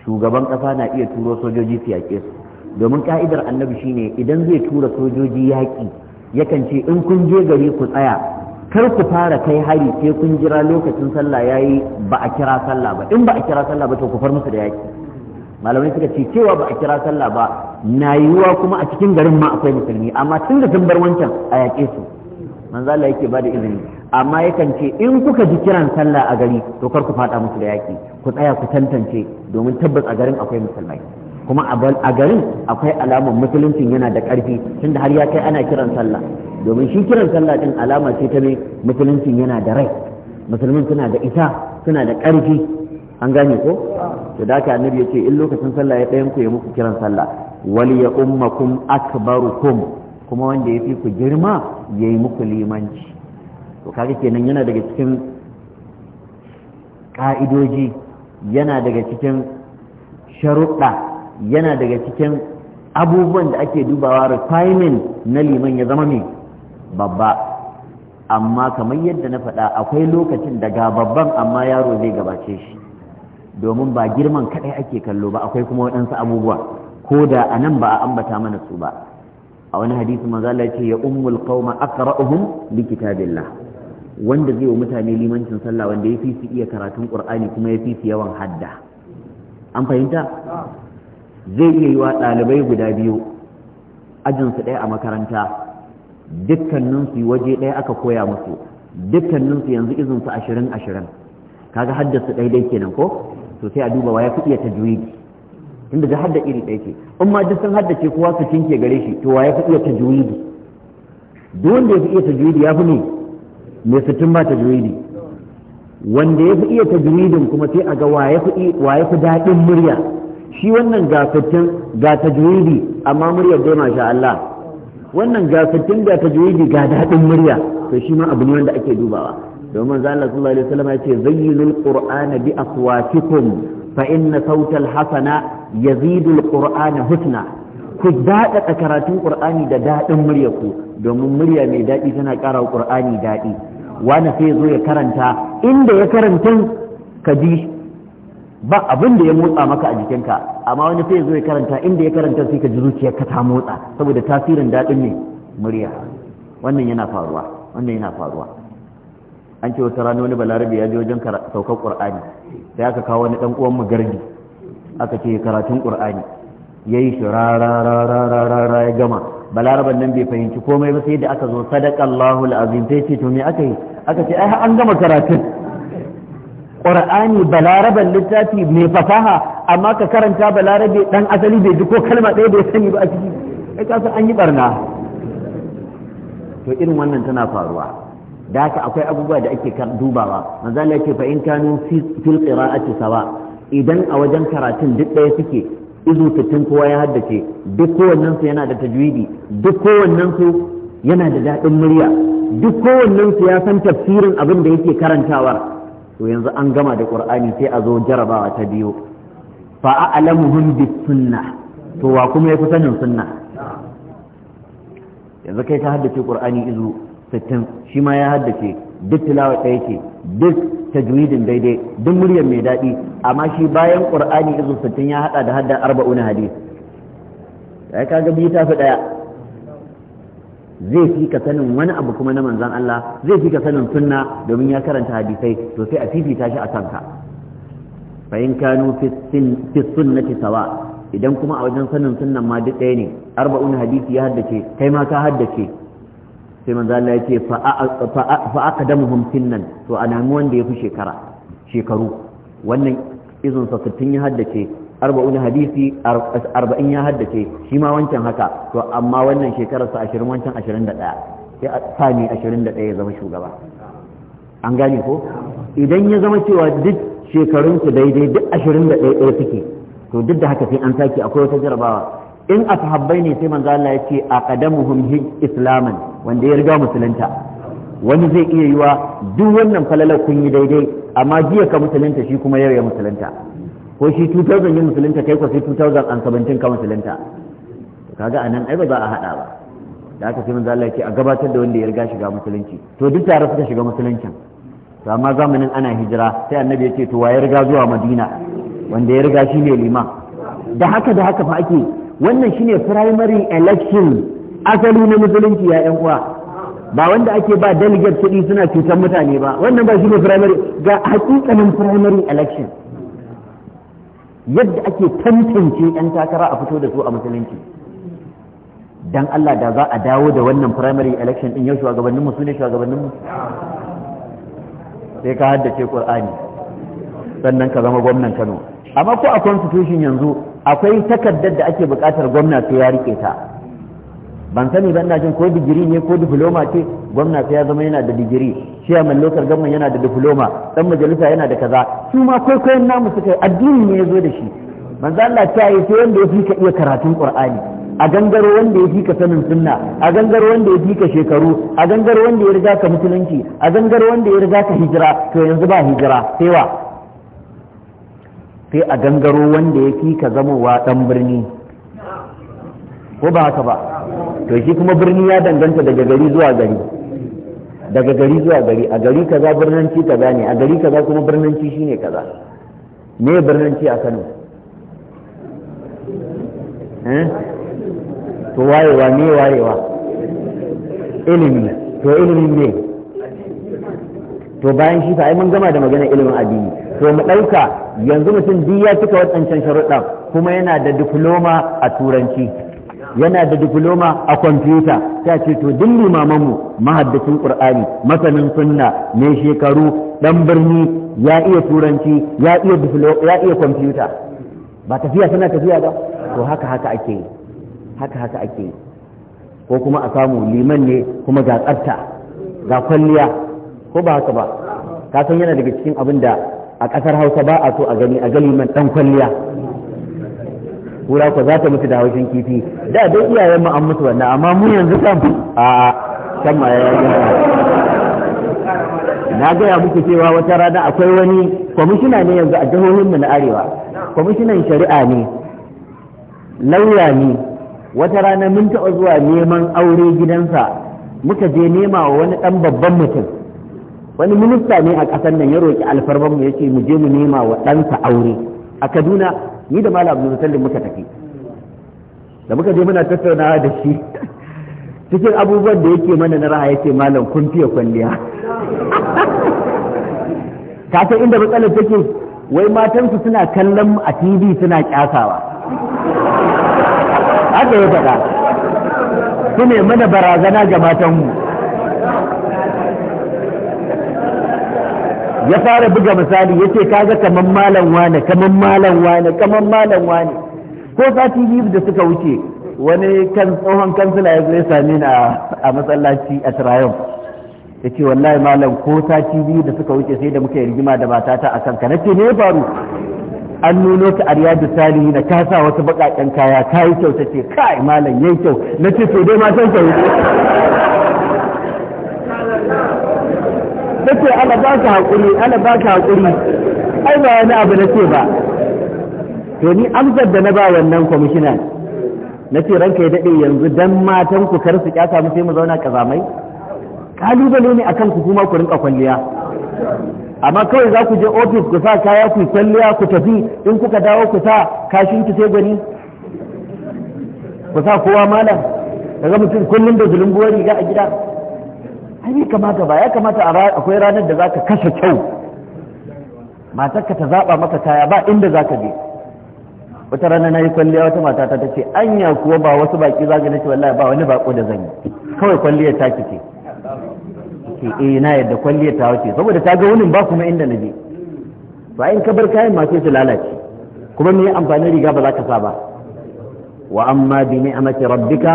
shugaban ƙasa na iya turo sojoji su yaƙe su domin ka'idar annabi shine idan zai tura sojoji yaƙi yakan ce in kun je gari ku tsaya kar ku fara kai hari sai kun jira lokacin sallah yayi ba a kira sallah ba in ba a kira sallah ba to ku far musu da yaki malamai suka ce cewa ba a kira sallah ba na yiwuwa kuma a cikin garin ma akwai musulmi amma tun da sun bar wancan a yaƙe su manzo Allah yake da izini amma yakan ce in kuka ji kiran sallah a gari to kar ku fada musu da yaki ku tsaya ku tantance domin tabbas a garin akwai musulmai kuma a garin akwai alamar musuluncin yana da ƙarfi tunda har ya kai ana kiran sallah domin shi kiran sallah din alama ce ta ne musuluncin yana da rai musulmin suna da ita suna da ƙarfi an gane ko to da ka annabi yace in lokacin sallah ya ɗayan ya muku kiran sallah wali ya ummakum akbarukum kuma wanda yafi ku girma yayi muku limanci to kaga kenan yana daga cikin ka'idoji yana daga cikin sharuɗa yana daga cikin abubuwan da ake dubawa requirement na liman ya zama mai babba amma kamar yadda na faɗa akwai lokacin da ga babban amma yaro zai gabace shi domin ba girman kaɗai ake kallo ba akwai kuma waɗansu abubuwa ko da a nan ba a ambata mana su ba a wani hadisi maza Allah ce ya ummul qauma aqra'uhum likita kitabillah wanda zai wa mutane limancin sallah wanda ya su iya karatun qur'ani kuma ya su yawan hadda an fahimta zai iya yi wa ɗalibai guda biyu ajinsu ɗaya a makaranta dukkaninsu waje ɗaya aka koya musu dukkaninsu yanzu izinsu ashirin ashirin kaga haddasa ɗaiɗai kenan ko to sai a duba wa ya fi iya tajwidi inda da hadda iri ɗaya ce in ma duk sun haddace kowa su cinke gare shi to wa ya fi iya tajwidi duk wanda ya fi iya tajwidi ya fi ne mai sittin ba tajwidi wanda ya fi iya tajwidin kuma sai a ga wa ya fi daɗin murya shi wannan gafatin ga tajwidi amma muryar dai masha Allah wannan gafatin ga tajwidi ga daɗin murya to shi ma abu ne wanda ake dubawa domin manzo Allah sallallahu alaihi wasallam ya ce zayyinul qur'ana bi aswatikum fa inna sautal hasana yazidul qur'ana husna ku daɗaɗa karatun qur'ani da daɗin muryarku domin murya mai daɗi tana ƙara wa qur'ani daɗi wani sai zo ya karanta inda ya karanta ka ji ba abin da ya motsa maka a jikinka amma wani sai zo ya karanta inda ya karanta sai ka ji zuciyarka ta motsa saboda tasirin daɗin ne murya wannan yana faruwa wannan yana faruwa an ce wata rana wani balarabe ya je wajen saukar qur'ani sai aka kawo wani dan uwan magardi aka ce karatun qur'ani yayi shi ra ya gama balaraban nan bai fahimci komai ba sai da aka zo sadaqallahu alazim sai ce to me aka yi aka ce ai an gama karatun ƙur'ani balaraban littafi mai fasaha amma ka karanta balarabe dan asali bai ji ko kalma ɗaya bai sani ba a ciki ai ka san an yi barna to irin wannan tana faruwa da haka akwai abubuwa da ake dubawa maza yake fa in kanu fil qira'ati sawa idan a wajen karatun duk ɗaya suke izu fitin kowa ya haddace duk kowannen su yana da tajwidi duk kowannen su yana da daɗin murya duk kowannen su ya san tafsirin abin da yake karantawar to yanzu an gama da ƙur'ani sai a zo jarabawa ta biyu fa a'lamuhum bis sunna to wa kuma ya fi sanin sunna yanzu kai ka haddace ƙur'ani izu 60 shi ma ya haddace duk tilawa ɗaya ce duk tajwidin daidai duk muryar mai daɗi amma shi bayan ƙurani izu 60 ya haɗa da hadda arba'una hadis ka kaga biyu ta fi ɗaya zai fi ka sanin wani abu kuma na manzan Allah zai fi ka sanin sunna domin ya karanta hadisai to sai a fifita shi a kanka fa in kanu fi sunnati sawa idan kuma a wajen sanin sunnan ma duk ɗaya ne arba'un hadisi ya haddace kai ma ka haddace sai manzan Allah ya ce fa aqdamuhum nan to a wanda ya fi shekara shekaru wannan izinsa sittin ya haddace arba'un hadisi arba'in ya haddace shi ma wancan haka to amma wannan shekarar sa ashirin wancan ashirin da ɗaya sai a sami ashirin da ɗaya ya zama shugaba an gane ko idan ya zama cewa duk shekarunsu daidai duk ashirin da ɗaya suke to duk da haka sai an sake akwai wata jarabawa in a sahabbai ne sai manzo Allah ya ce a qadamuhum hij islaman wanda ya riga musulunta wani zai iya yiwa duk wannan falalar kun yi daidai amma jiya ka musulunta shi kuma yau ya musulunta ko shi 2000 yin musulunta kai ko sai sabantin ka musulunta kaga anan ai ba za a hada ba da aka ce manzo Allah yake a gabatar da wanda ya riga shiga musulunci to duk tare suka shiga musuluncin to amma zamanin ana hijira sai annabi ya ce to wa ya riga zuwa Madina wanda ya riga shi ne liman da haka da haka fa ake wannan shine primary election asali na musulunci ya yan uwa ba wanda ake ba delegate kudi suna cutar mutane ba wannan ba shi ne primary ga hakikanin primary election yadda ake tantance 'yan takara a fito da su a musulunci dan Allah da za a dawo da wannan primary election din yau shugabanninmu su ne shugabanninmu sai ka haddace Qur'ani sannan ka zama gwamnan Kano amma ko a constitution yanzu akwai takardar da ake buƙatar gwamna sai ya rike ta ban sani ban na jin ko digiri ne ko diploma ce gwamna sai ya zama yana da digiri ciyaman lokar government yana da diploma dan majalisa yana da kaza su ma kwaikwayon namu suka yi addini ne ya zo da shi manzo Allah ta yi sai wanda ya fi ka iya karatun Qur'ani a gangaro wanda ya fi ka sanin sunna a gangaro wanda ya fi ka shekaru a gangaro wanda ya riga ka musulunci a gangaro wanda ya riga ka hijira to yanzu ba hijira sai wa sai a gangaro wanda ya fi ka zamowa dan birni ko ba haka ba to shi kuma birni ya danganta daga gari zuwa gari daga gari zuwa gari a gari kaza birnanci kaza ne a gari kaza kuma birnanci shine kaza me birnanci a Kano eh? to wayewa me wayewa ilimi to ilimin ne to bayan shi fa ai mun gama da magana ilimin addini to mu ɗauka yanzu mutum duk ya cika waɗancan sharuɗa kuma yana da diploma a turanci yana da diploma a kwamfuta ta ce to duk limamanmu mahaddacin qur'ani masanin sunna mai shekaru dan birni ya iya turanci ya iya ya iya kwamfuta ba tafiya tana tafiya ba to haka haka ake yi haka haka ake yi ko kuma a samu liman ne kuma ga tsafta ga kwalliya ko ba haka ba ka san yana daga cikin abin da a ƙasar hausa ba a so a gani a ga liman dan kwalliya kura ko za ta mutu da haushin kifi da dai iyayen mu an mutu wannan amma mu yanzu kan a kan ma yayin na gaya muku cewa wata rana akwai wani kwamishina ne yanzu a jihohin mu na arewa kwamishinan shari'a ne lauya ne wata rana mun taɓa zuwa neman aure gidansa muka je nema wa wani ɗan babban mutum wani minista ne a ƙasar nan ya roƙi alfarman mu ce mu je mu nema wa ɗansa aure a Kaduna ni da malam abdul musallin muka tafi da muka je muna tattaunawa da shi cikin abubuwan da yake mana na raha yake malam kun fiye kwalliya [laughs] ka inda matsalar take wai matansu suna kallon a tv suna kyasawa haka ya faɗa su ne mana barazana ga matanmu ya fara buga misali yace kaga kaman malam wane kaman malam wane kaman malam wane ko sati biyu da suka wuce wani kan tsohon kansila ya zai same ni a masallaci a tirayon ya ce wallahi malam ko sati biyu da suka wuce sai da muka yi rigima da matata a kanka na ce ne ya faru an nuno ta arya da sali na ka sa wasu baƙaƙen kaya ka yi kyau ta ce kai malam yayi kyau na ce to dai matan kyau nace ana ba ka haƙuri ana ba ka haƙuri ai ba wani abu nace ba to ni amsar da na ba wannan kwamishina nace ranka ya daɗe yanzu dan matan ku kar su kyasa mu sai mu zauna kazamai kalubale ne akan ku kuma ku rinka kwalliya amma kawai za ku je ofis ku sa kaya ku kwalliya ku tafi in kuka dawo ku sa kashin ki sai gani ku sa kowa malam daga mutum kullum da zulumbuwar riga a gida ai kamata ba ya kamata a akwai ranar da za ka kashe kyau matarka ta zaɓa maka kaya ba inda za ka je wata rana na yi kwalliya wata matata ta ce anya kuwa ba wasu baki za ga ce wallahi ba wani bako da zan yi kawai kwalliya ta kike ke eh na yadda kwalliya ta wace saboda ta ga wunin ba kuma inda na je ba in ka bar kayan masu su lalace kuma me amfanin riga ba za ka sa ba wa amma bi ni'amati rabbika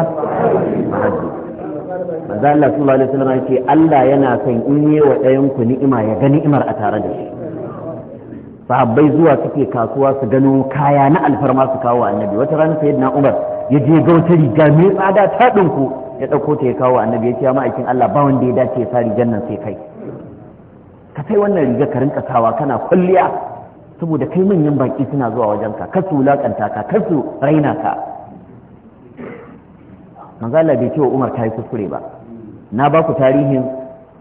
mahaddu manzo Allah sallallahu alaihi wasallam yake Allah yana son in yi wa ɗayan ku ni'ima ya ga ni'imar a tare da shi sahabbai zuwa suke kasuwa su gano kaya na alfarma su kawo annabi wata rana sayyidina Umar ya je ga wata riga mai tsada ta dinku ya dauko ta ya kawo annabi ya ce ya ma'aikin Allah ba wanda ya dace ya sa rigar nan sai kai ka sai wannan riga ka rinka sawa kana kulliya saboda kai manyan baki suna zuwa wajenka ka su wulakanta ka ka su raina ka manzo Allah bai ce wa Umar ta yi kuskure ba na ba ku tarihin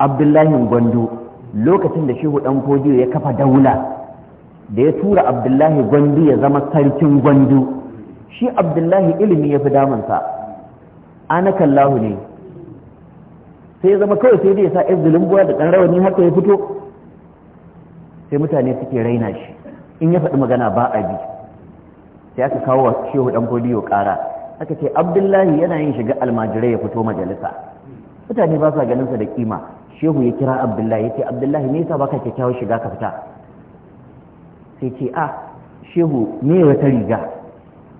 abdullahi gwando lokacin da shehu dan fodiyo ya kafa daula da ya tura abdullahi gwando ya zama sarkin gwando shi abdullahi ilimi ya fi damansa ana kallahu ne sai ya zama kawai sai dai ya sa izulun buwa da ɗan rawani haka ya fito sai mutane suke raina shi in ya faɗi magana ba a bi sai aka kawo wa shehu dan fodiyo ƙara aka ce abdullahi yana yin shiga almajirai ya fito majalisa mutane ba sa ganin sa da kima shehu ya kira abdullahi yace abdullahi me yasa baka kyakkyawar shiga ka fita sai ce a ah, shehu me wata riga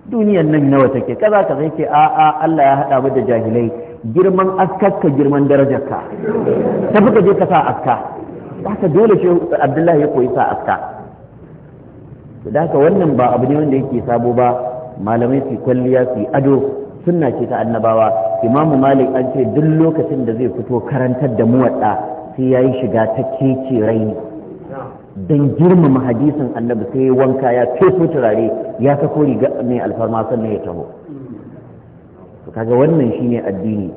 duniyar nan nawa take kaza kaza yace a a Allah ya hada mu da jahilai girman askarka girman darajarka tafi ka je ka sa aska haka dole shehu abdullahi ya koyi sa aska da haka wannan ba abu ne wanda yake sabo ba malamai su kwalliya su ado sunna ce ta annabawa imamu malik an ce duk lokacin da zai fito karantar da muwadda sai ya yi shiga ta keke raini don girmama hadisin annabi sai ya wanka ya feso turare ya sako riga mai alfarma sannan ya taho kaga wannan shine addini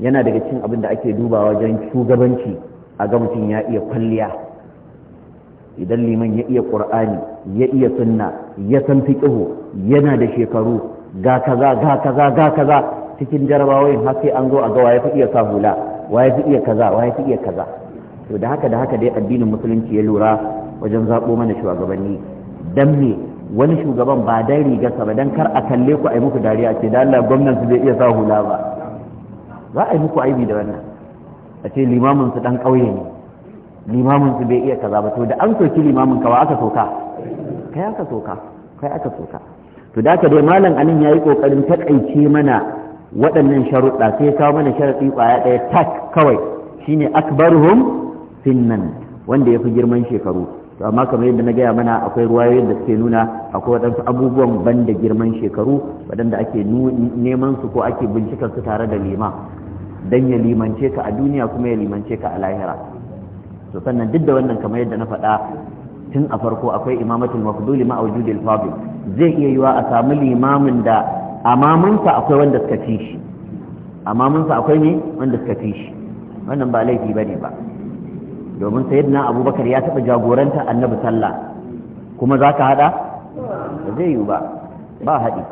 yana daga cin abin da ake dubawa wajen shugabanci a ga mutum ya iya kwalliya idan liman ya iya ƙur'ani ya iya sunna ya san fiqhu yana da shekaru ga kaza ga kaza ga kaza cikin jarabawai har sai an zo a ga waye fi iya sa hula waye fi iya kaza waye fi iya kaza to da haka da haka dai addinin musulunci ya lura wajen zaɓo mana shugabanni dan me wani shugaban ba dan rigarsa ba dan kar a kalle ku ai muku dariya ce da Allah gwamnan su bai iya sa hula ba za a yi muku aibi da wannan a ce limamin su dan kauye ne limamin su bai iya kaza ba to da an soki limamin ka wa aka soka kai aka soka kai aka soka to da dai malam anin ya yi ƙoƙarin taƙaice mana waɗannan sharuɗa sai kawo mana sharaɗi ƙwaya ɗaya tak kawai shine akbaruhum finnan wanda ya fi girman shekaru to amma kamar yadda na gaya mana akwai ruwayoyin da suke nuna akwai waɗansu abubuwan ban da girman shekaru waɗanda ake neman su ko ake bincikar su tare da lima don ya limance ka a duniya kuma ya limance ka a lahira to sannan duk da wannan kamar yadda na faɗa tun a farko akwai imamatul mafduli ma wujudil fadil zai iya yiwa a samu limamin da amaminsa akwai wanda suka ci shi amaminsa akwai ne wanda suka ci shi wannan ba laifi bane ba domin sayyidina abubakar ya taɓa jagoranta annabi sallah kuma za ka haɗa ba zai yiwu ba ba haɗi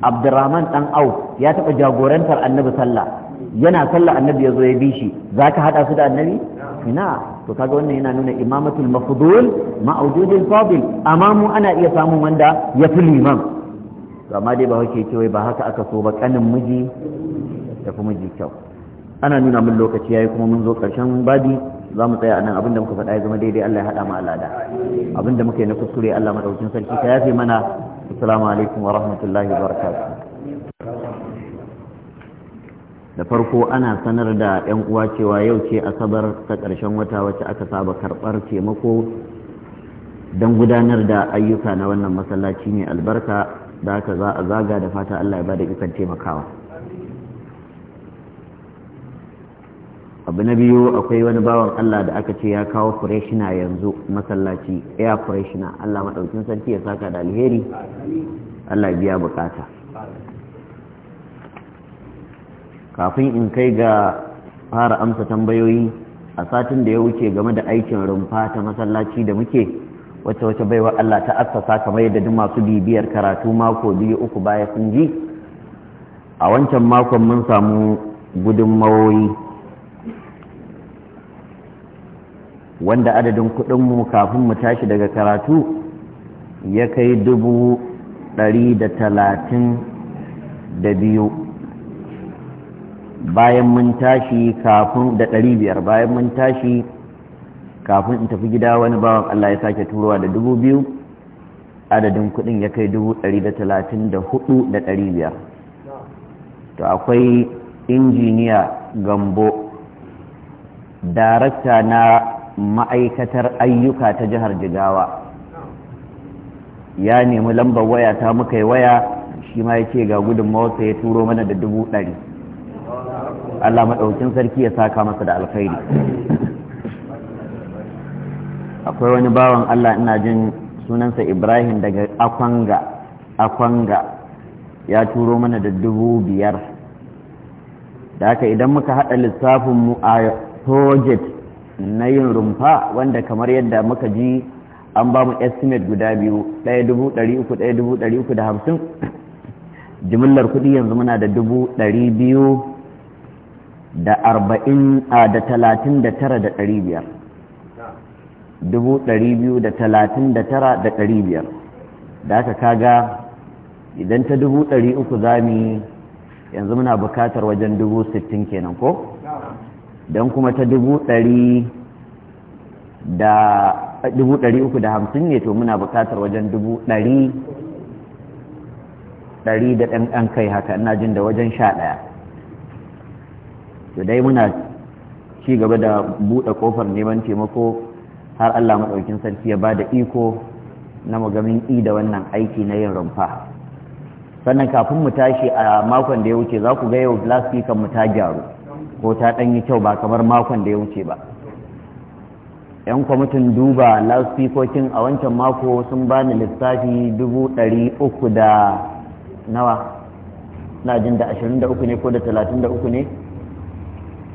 abdurrahman dan au ya taɓa jagorantar annabi sallah yana sallah annabi ya zo ya bi shi za ka haɗa su da annabi ina to kaga wannan yana nuna imamatul mafdul ma wujudil fadil amamu ana iya samun wanda ya fi liman to amma dai ba hake ce wai ba haka aka so ba kanin miji ya fi miji kyau ana nuna mun lokaci yayi kuma mun zo karshen babi za mu tsaya a nan abinda muka faɗa ya zama daidai Allah ya haɗa mu al'ada abinda muka yi na kuskure Allah madaukakin sarki ka yafe mana assalamu alaikum wa rahmatullahi wa barakatuh da farko ana sanar da 'yan uwa cewa yau ce asabar ta karshen wata wacce aka saba karɓar taimako don gudanar da ayyuka na wannan masallaci ne albarka da aka za a zaga da fata allah ya ba da ikon taimakawa abu na biyu akwai wani bawan allah da aka ce ya kawo fureshina yanzu masallaci air fureshina allah maɗaukin sarki ya saka da alheri allah biya bukata kafin in kai ga fara amsa tambayoyi a satin da ya wuce game da aikin rumfa ta masallaci da muke wacce wacce baiwa Allah ta assasa kamar yadda duk masu bibiyar karatu mako biyu uku baya sun ji a wancan makon mun samu gudun gudunmawoyi wanda adadin mu kafin mu tashi daga karatu ya kai dubu ɗari da talatin da biyu bayan mun tashi kafin da ɗari biyar bayan mun tashi kafin in tafi gida wani bawan Allah ya sake turowa da dubu biyu adadin kuɗin ya kai dubu ɗari da talatin da hudu da ɗari biyar to akwai injiniya gambo darakta na ma'aikatar ayyuka ta jihar jigawa ya nemi lambar waya ta muka yi waya shi ma ya ce ga gudunmawarsa ya turo mana da dubu ɗari Allah maɗaukin sarki ya saka masa da alkhairi akwai wani bawan Allah ina jin sunansa Ibrahim daga Akwanga Akwanga ya turo mana da dubu biyar da haka idan muka haɗa lissafin mu a project na yin rumfa wanda kamar yadda muka ji an ba mu estimate guda biyu ɗaya dubu ɗari uku ɗaya dubu ɗari uku da hamsin jimillar kuɗi yanzu muna da dubu ɗari biyu da arba'in a da talatin da tara da ɗari biyar dubu ɗari biyu da talatin da tara da ɗari biyar da aka kaga idan ta dubu ɗari uku za mu yi yanzu muna bukatar wajen dubu sittin kenan ko don kuma ta dubu ɗari da dubu ɗari uku da hamsin ne to muna bukatar wajen dubu ɗari ɗari da ɗan kai haka ina jin da wajen sha ɗaya to dai muna ci gaba da buɗe kofar neman taimako har Allah maɗaukin sarki ya ba da iko na magamin i da wannan aiki na yin rumfa sannan kafin mu tashi a makon da ya wuce za ku ga yau lasifikan mu ta gyaru ko ta ɗan yi kyau ba kamar makon da ya wuce ba yan kwamitin duba lasifikokin a wancan mako sun ba ni lissafi dubu ɗari uku da nawa na jin da ashirin da uku ne ko da talatin da uku ne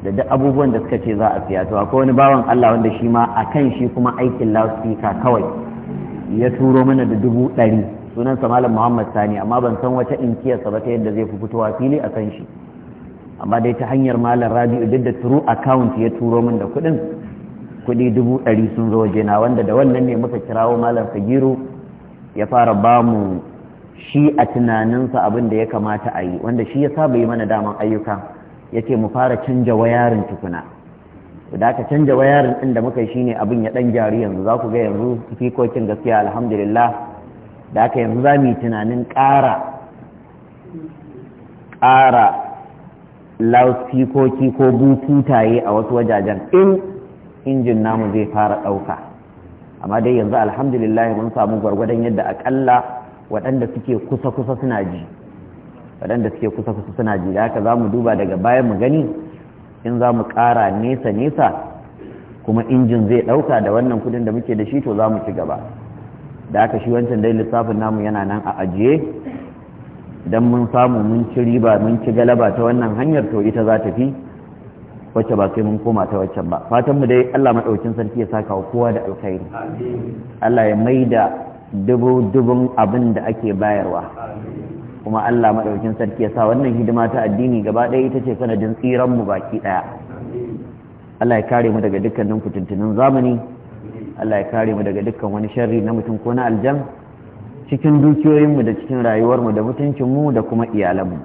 da duk abubuwan da suka ce za a siya to akwai wani bawan Allah wanda shi ma a kan shi kuma aikin loudspeaker kawai ya turo mana da dubu ɗari sunan sa malam Muhammad Sani amma ban san wata inkiyarsa ba ta yadda zai fi fitowa fili a kan shi amma dai ta hanyar malam Rabi'u duk da turu account ya turo min da kuɗin kuɗi dubu ɗari sun zo wajena wanda da wannan ne muka kirawo malam Sagiru ya fara ba mu shi a tunaninsa abin da ya kamata a yi wanda shi ya saba yi mana daman ayyuka ya ce mu fara canja wayarin tukuna da aka canja wayarin ɗin da muka yi shine abin ya ɗan jari yanzu za ku ga yanzu fikokin gaskiya alhamdulillah da aka yanzu za mu yi tunanin ƙara ƙara lausfikoki ko bututaye a wasu wajajen in injin namu zai fara ɗauka amma dai yanzu alhamdulillah mun samu gwargwadon yadda aƙalla waɗanda suke kusa-kusa suna ji waɗanda suke kusa kusa suna ji haka za mu duba daga bayan mu gani in za mu ƙara nesa nesa kuma injin zai ɗauka da wannan kudin da muke da shi to za mu ci gaba da haka shi wancan dai lissafin namu yana nan a ajiye idan mun samu mun ci riba mun ci galaba ta wannan hanyar to ita za ta fi wacce ba sai mun koma ta waccan ba fatan mu dai Allah madaukin sarki ya saka wa kowa da alkhairi Allah ya maida dubu dubun abin da ake bayarwa kuma Allah maɗaukin sarki ya sa wannan hidima ta addini gaba ɗaya ita ce sanadin tsiran mu baki ɗaya Allah ya kare mu daga dukkanin fitintunin zamani Allah ya kare mu daga dukkan wani sharri na mutum ko na aljan cikin dukiyoyinmu da cikin rayuwarmu da mutuncinmu da kuma iyalanmu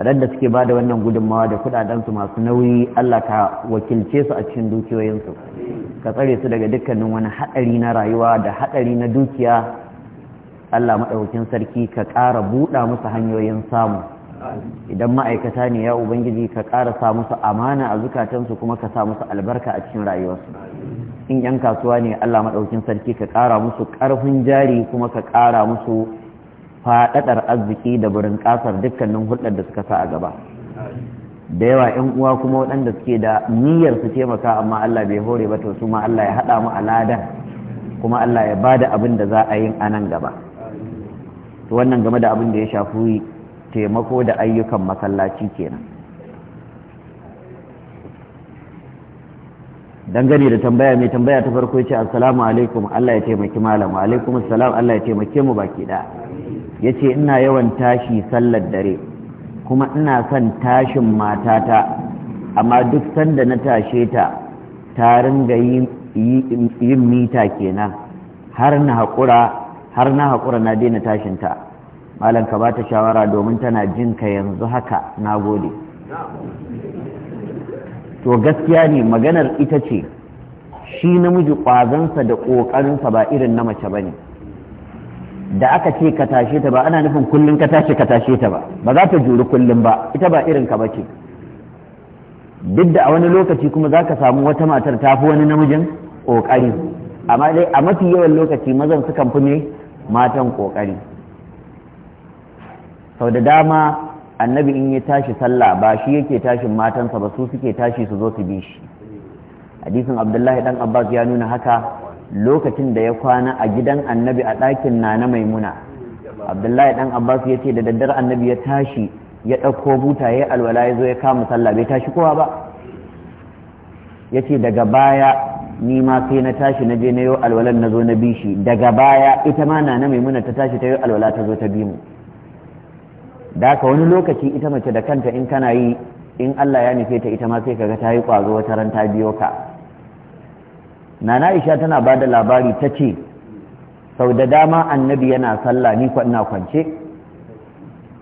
waɗanda suke ba da wannan gudunmawa da kuɗaɗensu masu nauyi Allah ka wakilce su a cikin dukiyoyinsu ka tsare su daga dukkanin wani haɗari na rayuwa da haɗari na dukiya Allah maɗaukin sarki ka ƙara buɗa musu hanyoyin samu idan ma'aikata ne ya ubangiji ka ƙara sa musu amana a zukatansu kuma ka sa musu albarka a cikin rayuwarsu in yan kasuwa ne Allah maɗaukin sarki ka ƙara musu ƙarfin jari kuma ka ƙara musu faɗaɗar arziki da burin ƙasar dukkanin hulɗar da suka sa a gaba da yawa yan uwa kuma waɗanda suke da niyyar su taimaka amma Allah bai hore ba to su ma Allah ya haɗa mu a ladan kuma Allah ya bada abin da za a yi a nan gaba to wannan game da abin da ya shafi taimako da ayyukan masallaci kenan dangane da tambaya mai tambaya ta farko ce assalamu alaikum Allah ya taimaki malam alaikum assalam Allah ya taimake mu baki da yace ina yawan tashi sallar dare kuma ina son tashin matata amma duk sanda na tashe ta ta ringa yin mita kenan har na haƙura har na haƙura na daina tashinta malam ka ba ta shawara domin tana jin ka yanzu haka na gode to gaskiya ne maganar ita ce shi namiji ƙwazansa da ƙoƙarinsa ba irin na mace ba ne da aka ce ka tashe ta ba ana nufin kullum ka tashi ka tashe ta ba ba za ta juri kullum ba ita ba irin ka ba ce duk da a wani lokaci kuma za ka samu wata matar ta fi wani namijin ƙoƙari amma dai a mafi yawan lokaci mazan sukan fi ne matan kokari sau da dama annabi in ya tashi sallah ba shi yake tashin matansa ba su suke tashi su zo su bi shi hadisin abdullahi dan abbas ya nuna haka lokacin da ya kwana a gidan annabi a ɗakin na na maimuna abdullahi dan abbas ya ce da daddar annabi ya tashi ya ɗauko buta ya alwala ya zo ya kama sallah bai tashi kowa ba ya ce daga baya ni ma sai na tashi na je na yi alwalan na zo na bi shi daga baya ita ma na maimuna ta tashi ta yi alwala ta zo ta bi mu da ka wani lokaci ita mace da kanta in kana yi in Allah ya nufe ta ita ma sai kaga ta yi kwazo wata ran ta biyo ka nana isha tana ba da labari ta ce sau da dama annabi yana sallah ni kwa ina kwance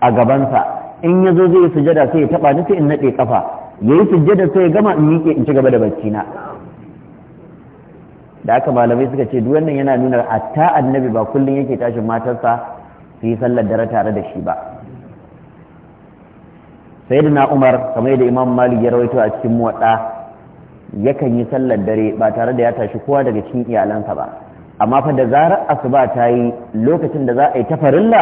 a gabansa in ya zo zai sujada sai ya taba ni sai in naɗe kafa ya yi sujada sai ya gama in miƙe in ci gaba da bacci na da aka malamai suka ce duk wannan yana nuna hatta annabi ba kullum yake tashin matarsa su yi sallar dare tare da shi ba sai da na umar kamar yadda imam malik ya rawaito a cikin muwaɗa yakan yi sallar dare ba tare da ya tashi kowa daga cikin iyalansa ba amma fa da zarar asuba ta yi lokacin da za a yi ta farilla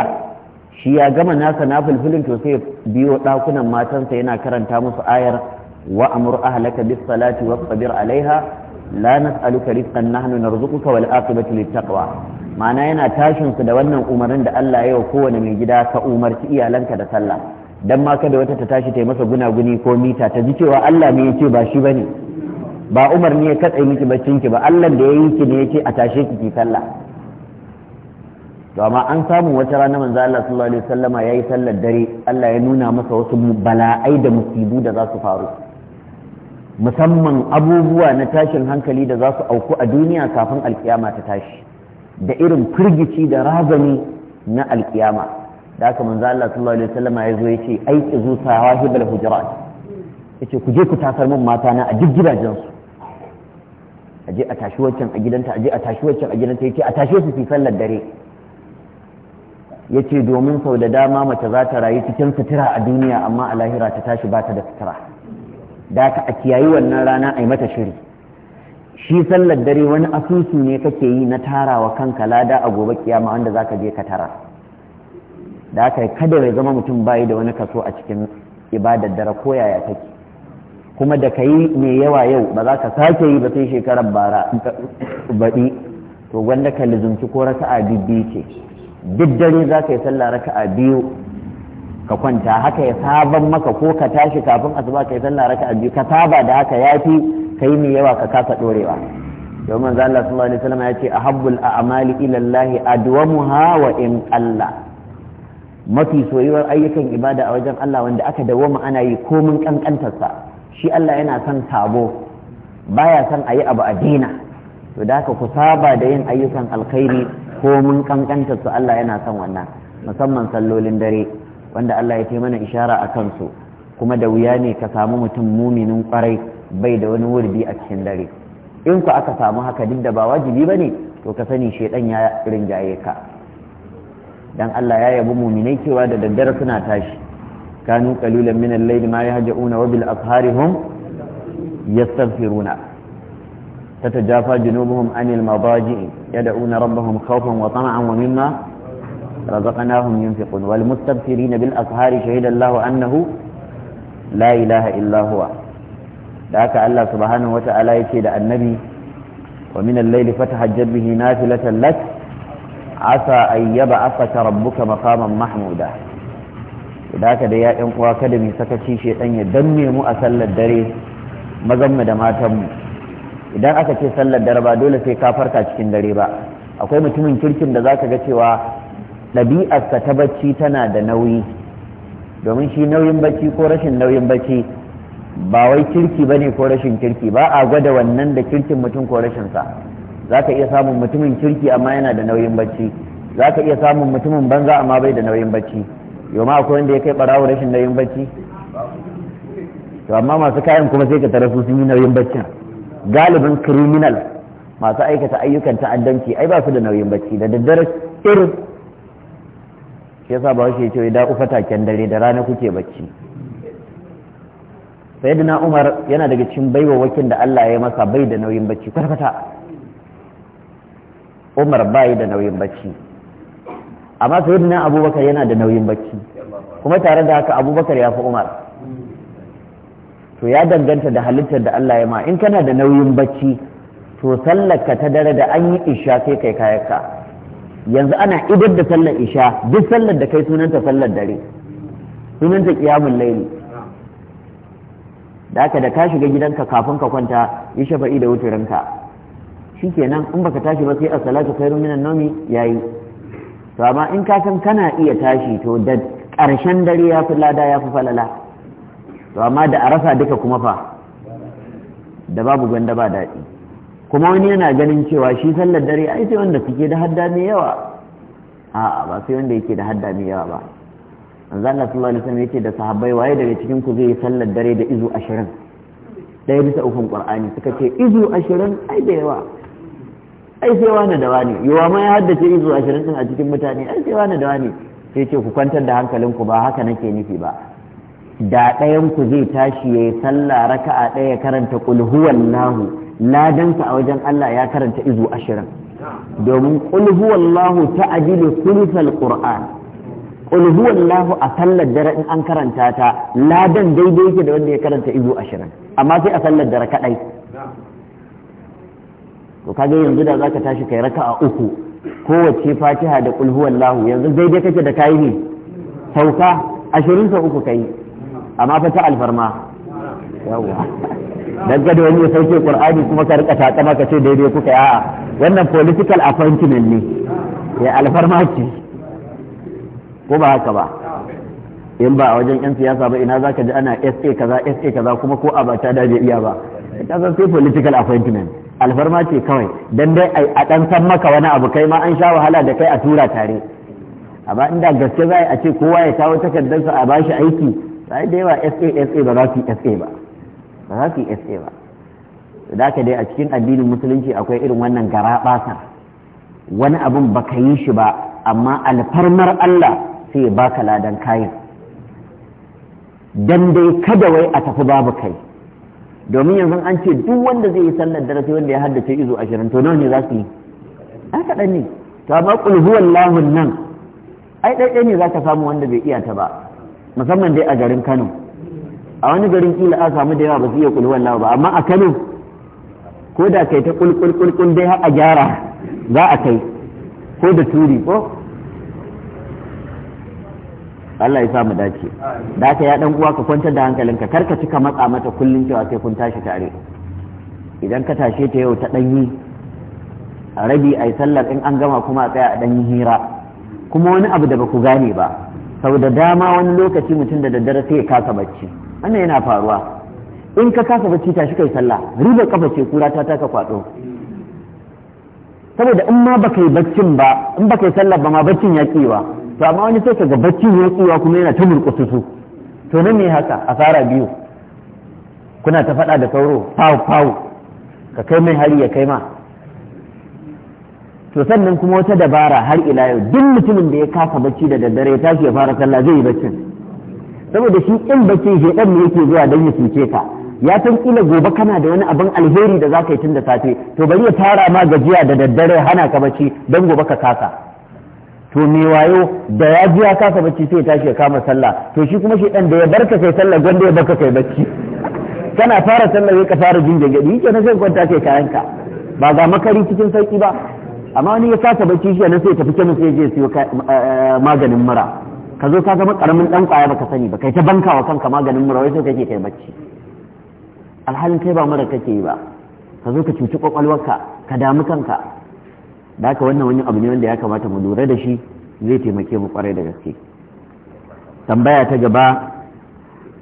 shi ya gama nasa na fulfulin to sai biyo ɗakunan matansa yana karanta musu ayar wa amur ahlaka bis salati wasbir alaiha la nas'aluka rizqan nahnu narzuquka wal aqibatu littaqwa ma'ana yana tashin su da wannan umarnin da Allah ya yi kowane mai gida ka umarci iyalanka da sallah dan ma kada wata ta tashi ta yi masa gunaguni ko mita ta ji cewa Allah ne ce ba shi bane ba Umar ne ya katse miki baccin ki ba Allah da yayi ki ne yace a tashe ki ki sallah to amma an samu wata rana manzo Allah sallallahu alaihi wasallama yayi sallar dare Allah ya nuna masa wasu bala'ai da musibu da za su faru musamman abubuwa na tashin hankali da za su auku a duniya kafin alkiyama ta tashi da irin firgici da razani na alkiyama da aka manzo Allah sallallahu alaihi wasallam ya zo yace ai ki zu sahibul hujurat yace ku je ku tasar min mata na a duk gidajen su a je a tashi waccan a gidanta a je a tashi waccan a gidanta yace a tashe su fi sallar dare yace domin sau da dama mace za ta rayu cikin sutura a duniya amma a lahira ta tashi ba ta da sutura da ka a kiyayi wannan rana a yi mata shiri shi sallar dare wani asusu ne kake yi na tarawa kanka lada a gobe kiyama wanda za ka je ka tara da aka kada ya zama mutum bayi da wani kaso a cikin ibadar dare ko yaya take kuma da ka yi mai yawa yau ba za ka sake yi ba sai shekarar bara baɗi to wanda ka lizunci ko raka'a biyu ce duk dare za ka yi sallah raka'a biyu ka kwanta haka ya saban maka ko ka tashi kafin asuba kai sallah raka'a biyu ka saba da haka yafi kai mai yawa ka kasa dorewa domin manzo Allah sallallahu alaihi wasallam ya ce ahabbul a'mali ila Allah adwamuha wa in qalla mafi soyuwar ayyukan ibada a wajen Allah wanda aka dawoma ana yi komin kankantarsa shi Allah yana son sabo baya son ayi abu a dina to da haka ku saba da yin ayyukan alkhairi komin kankantarsa Allah yana son wannan musamman sallolin dare wanda Allah ya kai mana ishara a kansu kuma da wuya ne ka samu mutum muminin kwarai bai da wani wurdi a cikin dare in ku aka samu haka duk da ba wajibi ba ne to ka sani shaidan ya rinjaye ka dan Allah ya yabi muminai cewa da daddare suna tashi kanu qalilan min al-layli ma yahja'una wa bil asharihum yastaghfiruna تتجافى جنوبهم عن المضاجع يدعون ربهم خوفا wa ومما رزقناهم ينفقون والمستبشرين بالأسهار شهد الله أنه لا إله إلا هو ذاك الله سبحانه وتعالى يشهد النبي ومن الليل فتهجد به نافلة لك عسى أن يبعثك ربك مقاما محمودا ذاك da ya ɗan uwa kada mai sakaci shaitan ya danne mu a sallar dare mazanmu da matanmu idan aka ce sallar dare ba dole sai ka farka cikin dare ba akwai mutumin kirkin da zaka ga cewa ɗabi'arsa ta bacci tana da nauyi domin shi nauyin bacci ko rashin nauyin bacci ba wai kirki ba ne ko rashin kirki ba a gwada wannan da kirkin mutum ko rashinsa za ka iya samun mutumin kirki amma yana da nauyin bacci za ka iya samun mutumin banza amma bai da nauyin bacci yau akwai wanda ya kai barawo rashin nauyin bacci to amma masu kayan kuma sai ka tara su sun yi nauyin bacci galibin criminal masu aikata ayyukan ta'addanci ai ba su da nauyin bacci da daddare irin ya yasa ba shi ce idan ufa taken dare da rana kuke bacci na umar yana daga cikin baiwa wakin da Allah ya masa bai da nauyin bacci kwata umar bai da nauyin bacci amma na abubakar yana da nauyin bacci kuma tare da haka abubakar ya fi umar to ya danganta da halittar da Allah ya ma in kana da nauyin bacci to sallaka ta dare da an yi isha sai kai kayaka yanzu ana idar da sallar isha duk sallar da kai sunanta sallar dare sunanta kiyamun laili da aka da ka shiga gidanka kafin ka kwanta yi shafa'i da ke shikenan in baka tashi ba sai a salatu khairu minan ya yayi to amma in ka san kana iya tashi to da ƙarshen dare ya fi lada ya fi falala to amma da a rasa duka kuma fa da babu gwanda ba daɗi kuma wani yana ganin cewa shi sallar dare ai sai wanda suke da hadda mai yawa a'a ba sai wanda yake da hadda mai yawa ba manzo Allah sallallahu alaihi wasallam yake da sahabbai waye daga cikin ku zai sallar dare da izu 20 daya bisa ukun qur'ani suka ce izu 20 ai da yawa ai sai wani da wani yawa ma ya haddace izu 20 din a cikin mutane ai sai wani da wani sai ce ku kwantar da hankalinku ba haka nake nufi ba da ɗayan ku zai tashi yayi sallah raka'a ɗaya karanta qul huwallahu ladansa a wajen Allah ya karanta izu ashirin domin qul ta ta'dilu thuluthal qur'an qul wallahu a sallar dare in an karanta ta ladan daidai yake da wanda ya karanta izu ashirin amma sai a sallar dare kadai to kaga yanzu da zaka tashi kai raka'a uku kowace fatiha da qul wallahu yanzu daidai kake da kai ne sauka ashirin sa uku kai amma fa ta alfarma yawa dan gado wani ya sauke qur'ani kuma ka rika takama ka ce daidai kuka a'a wannan political appointment ne ya alfarma ce ko ba haka ba in ba a wajen yan siyasa ba ina zaka ji ana SA kaza SA kaza kuma ko a ba ta daje iya ba ka san sai political appointment alfarma ce kawai dan dai a dan san maka wani abu kai ma an sha wahala da kai a tura tare amma inda gaske za a ce kowa ya kawo takardarsa a bashi aiki sai da yawa SA SA ba za su SA ba ba za ki iya ba da ka dai a cikin addinin musulunci akwai irin wannan gara wani abun ba ka yi shi ba amma alfarmar Allah sai ya baka ladan kayan dan dai kada wai a tafi babu kai domin yanzu an ce duk wanda zai yi sallar darasi wanda ya haddace izo ashirin to nawa ne za su yi a kaɗan ne to amma kul huwallahu nan ai ɗaiɗai ne za ka samu wanda bai iya ta ba musamman dai a garin Kano a wani garin kila a samu da yawa ba su iya kulwan lawa ba amma a Kano ko da kai ta kulkulkulkul dai har a gyara za a kai ko da turi ko Allah ya sa dace da ka ya dan uwa ka kwantar da hankalinka kar ka cika matsa mata kullun cewa sai kun tashi tare idan ka tashe ta yau ta danyi a rabi ai sallar in an gama kuma a tsaya a danyi hira kuma wani abu da ba ku gane ba sau da dama wani lokaci mutum da daddare sai ya kasa bacci wannan yana faruwa in ka kasa bacci tashi kai sallah riba kafa ce kura ta taka kwado saboda in ma baka yi baccin ba in baka yi sallah ba ma baccin ya kiwa to amma wani sai ga baccin ya kiwa kuma yana ta su to nan ne haka asara biyu kuna ta faɗa da sauro pau pau ka kai mai hari ya kai ma to sannan kuma wata dabara har ila yau duk mutumin da ya kasa bacci da daddare ya tashi ya fara sallah zai yi baccin saboda shi in ce shedan ne yake zuwa don ya cuce ka ya san kila gobe kana da wani abin alheri da zaka yi tun da safe to bari ya tara ma gajiya da daddare hana ka bacci don gobe ka kasa to me wayo da ya ji ya kasa bacci sai ya tashi ya kama sallah to shi kuma ɗan da ya barka kai sallah gwanda ya barka kai bacci kana fara sallah sai ka fara jin jagadi yake na sai kwanta kayan ka ba ga makari cikin sauki ba amma wani ya kasa bacci shi na sai tafi kemis sai je siyo eh, maganin mura ka zo ka zama karamin dan kwaya baka sani ba kai ta bankawa kanka maganin mura wai so kake kai bacci alhalin kai ba mura kake yi ba ka zo ka cuci kwakwalwarka ka damu kanka da haka wannan wani abu ne wanda ya kamata mu lura da shi zai taimake mu kwarai da gaske tambaya ta gaba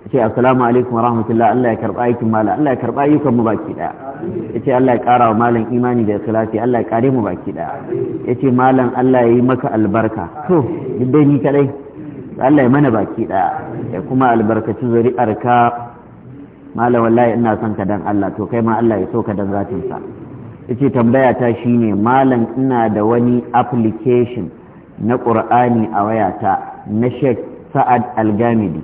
ce assalamu alaikum warahmatullahi Allah ya karba aikin mala Allah ya karba ayyukan mu baki daya yace Allah ya kara wa malam imani da ikhlasi Allah ya kare mu baki daya yace malam Allah ya yi maka albarka to duk dai ni kadai Allah ya mana baki ɗaya ya kuma albarkaci zuri'ar ka malam wallahi ina son ka dan Allah to kai ma Allah ya so ka dan zatin sa yace tambaya ta shine malam ina da wani application na Qur'ani a wayata na Sheikh Sa'ad Al-Gamidi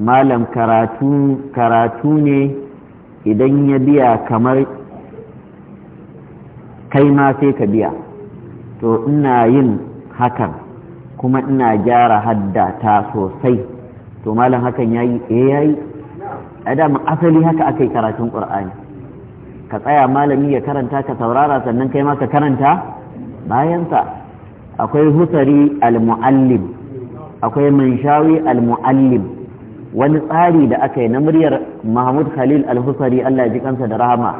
malam karatu karatu ne idan ya biya kamar kai ma sai ka biya to ina yin hakan kuma ina gyara hadda ta sosai to malam hakan yayi eh yayi adam asali haka akai karatun qur'ani ka tsaya malami ya karanta ka saurara sannan kai ma ka karanta bayansa akwai husari al-muallim akwai manshawi al-muallim wani tsari da aka yi na muryar mahmud khalil al-husari allah ji kansa da rahama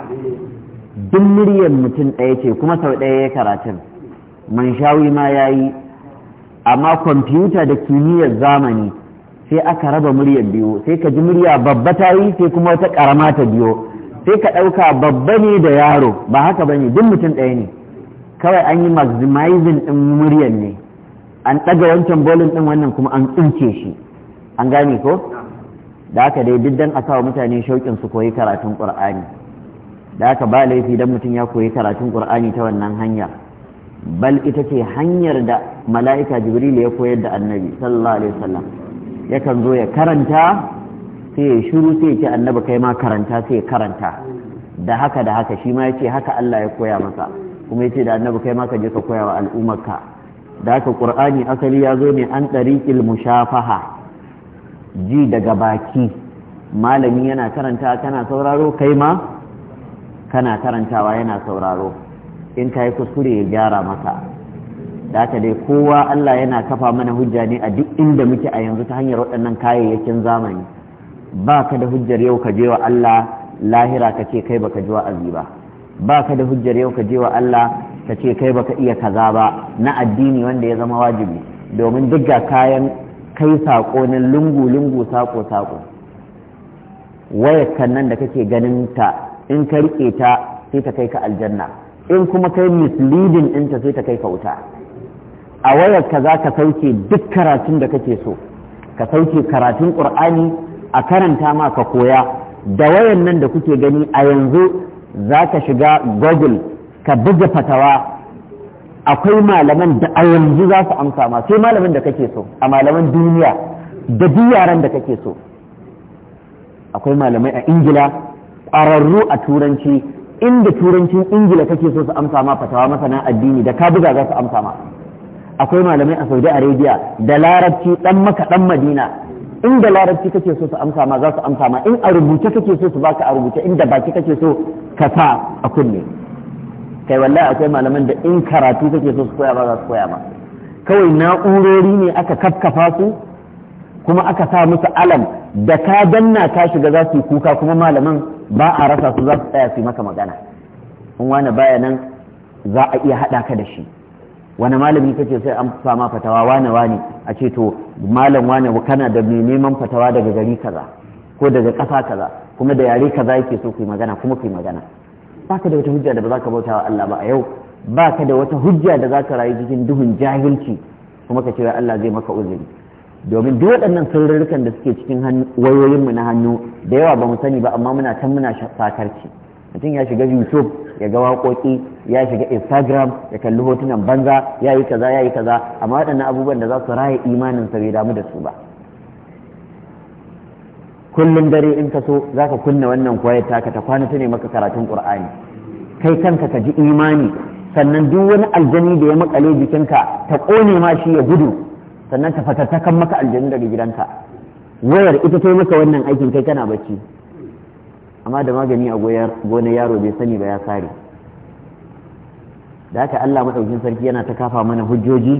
duk muryar mutum ɗaya ce kuma sau ɗaya ya karatun manshawi ma ya yi amma kwamfuta da kimiyyar zamani sai aka raba muryar biyu sai ka ji murya babba ta yi sai kuma wata karama ta biyu sai ka ɗauka babba ne da yaro ba haka ba ne duk mutum ɗaya ne kawai an yi maximizing ɗin muryar ne an ɗaga wancan bolin ɗin wannan kuma an tsince shi an gane ko da haka dai duk dan a mutane shauƙin su koyi karatun ƙur'ani da haka ba laifi dan mutum ya koyi karatun ƙur'ani ta wannan hanyar. bal ita ce hanyar da mala'ika jibril ya koyar da annabi sallallahu alaihi wasallam yakan zo ya karanta sai ya shiru sai ya ce annabi kai ma karanta sai ya karanta da haka da haka shi ma ya ce haka Allah ya koya masa kuma ya ce da annabi kai ma ka je ka koya wa al'ummarka da haka qur'ani asali ya zo ne an tariqil mushafaha ji daga baki malami yana karanta kana sauraro kai ma kana karantawa yana sauraro in ta yi kuskure ya gyara mata da haka dai kowa Allah yana kafa mana hujja ne a duk inda muke a yanzu ta hanyar waɗannan kayayyakin zamani ba ka da hujjar yau ka je wa Allah lahira ka ce kai baka ji wa'azi ba ba ka da hujjar yau ka je wa Allah ka ce kai baka iya kaza ba na addini wanda ya zama wajibi domin duk ga kayan kai sako na lungu-lungu sako sako wayar nan da kake ganin ta in ka rike ta sai ta kai ka aljanna in kuma kai misleading ɗinta sai ta kai ka wuta a wayarka za ka sauke duk karatun da kake so ka sauke karatun ƙur'ani a karanta ma ka koya da wayan nan da kuke gani a yanzu za ka shiga google ka buga fatawa akwai malaman da a yanzu za su amsa ma sai malamin da kake so a malaman duniya da duk yaran da kake so akwai malamai a ingila ƙwararru a turanci inda turancin ingila kake so su amsa ma fatawa masana addini da ka buga za su amsa ma akwai malamai a saudi arabia da larabci dan maka dan madina inda larabci kake so su amsa ma za su amsa ma in a rubuce kake so su baka a rubuce inda baki kake so ka sa a kunne kai wallahi akwai malaman da in karatu kake so su koya ba za su koya ma kawai na'urori ne aka kafkafa su kuma aka sa musu alam da ka danna ka shiga za su yi kuka kuma malaman ba a rasa su za su tsaya su maka magana in wani baya nan za a iya haɗa ka da shi wani malami kace sai an fama fatawa wane wane a ce to malam wane kana da mai neman fatawa daga gari kaza ko daga ƙasa kaza kuma da yare kaza yake so ku yi magana kuma ku yi magana ka da wata hujja da ba za ka bauta wa Allah ba a yau ba ka da wata hujja da za ka rayu cikin duhun jahilci kuma ka ce Allah zai maka uzuri domin duk waɗannan sirrikan da suke cikin wayoyinmu na hannu da yawa ba mu sani ba amma muna can muna sakarci mutum ya shiga youtube ya ga waƙoƙi ya shiga instagram ya kalli hotunan banza ya yi kaza ya yi kaza amma waɗannan abubuwan da za su raya imanin sa bai damu da su ba kullum dare in ka so za ka kunna wannan koyar taka ta kwana ta ne maka karatun ƙur'ani kai kanka ka ji imani sannan duk wani aljani da ya makale jikinka ta ƙone ma shi ya gudu sannan ta kan maka aljanu daga gidanka wayar ita ta maka wannan aikin kai kana bacci amma da magani a gonar yaro bai sani ba ya sare da aka Allah maɗaukin sarki yana ta kafa mana hujjoji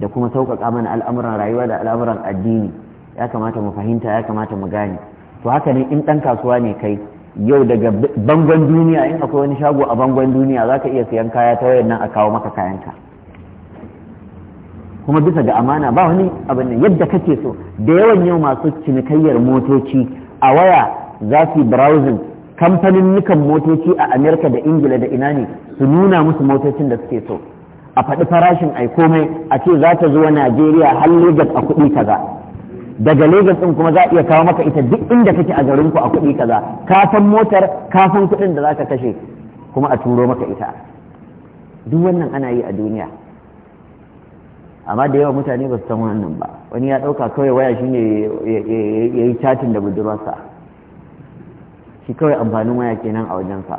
da kuma sauƙaƙa mana al'amuran rayuwa da al'amuran addini ya kamata mu fahimta ya kamata mu gane to haka ne in ɗan kasuwa ne kai yau daga bangon duniya in akwai wani shago a bangon duniya za ka iya siyan kaya ta wayar nan a kawo maka kayanka kuma bisa ga amana ba wani abin nan yadda kake so da yawan yau masu cinikayyar motoci a waya za su browsing kamfanin nukan motoci a amerika da ingila da ina ne su nuna musu motocin da suke so a faɗi farashin ai komai a ce za ta zuwa najeriya har lagos a kuɗi kaza daga lagos ɗin kuma za a iya kawo maka ita duk inda kake a garin ku a kuɗi kaza kafan motar kafan kuɗin da za ka kashe kuma a turo maka ita duk wannan ana yi a duniya amma da yawa mutane ba su san wannan ba wani ya ɗauka kawai waya shine ya yi chatin da budurarsa shi kawai amfanin waya kenan a wajensa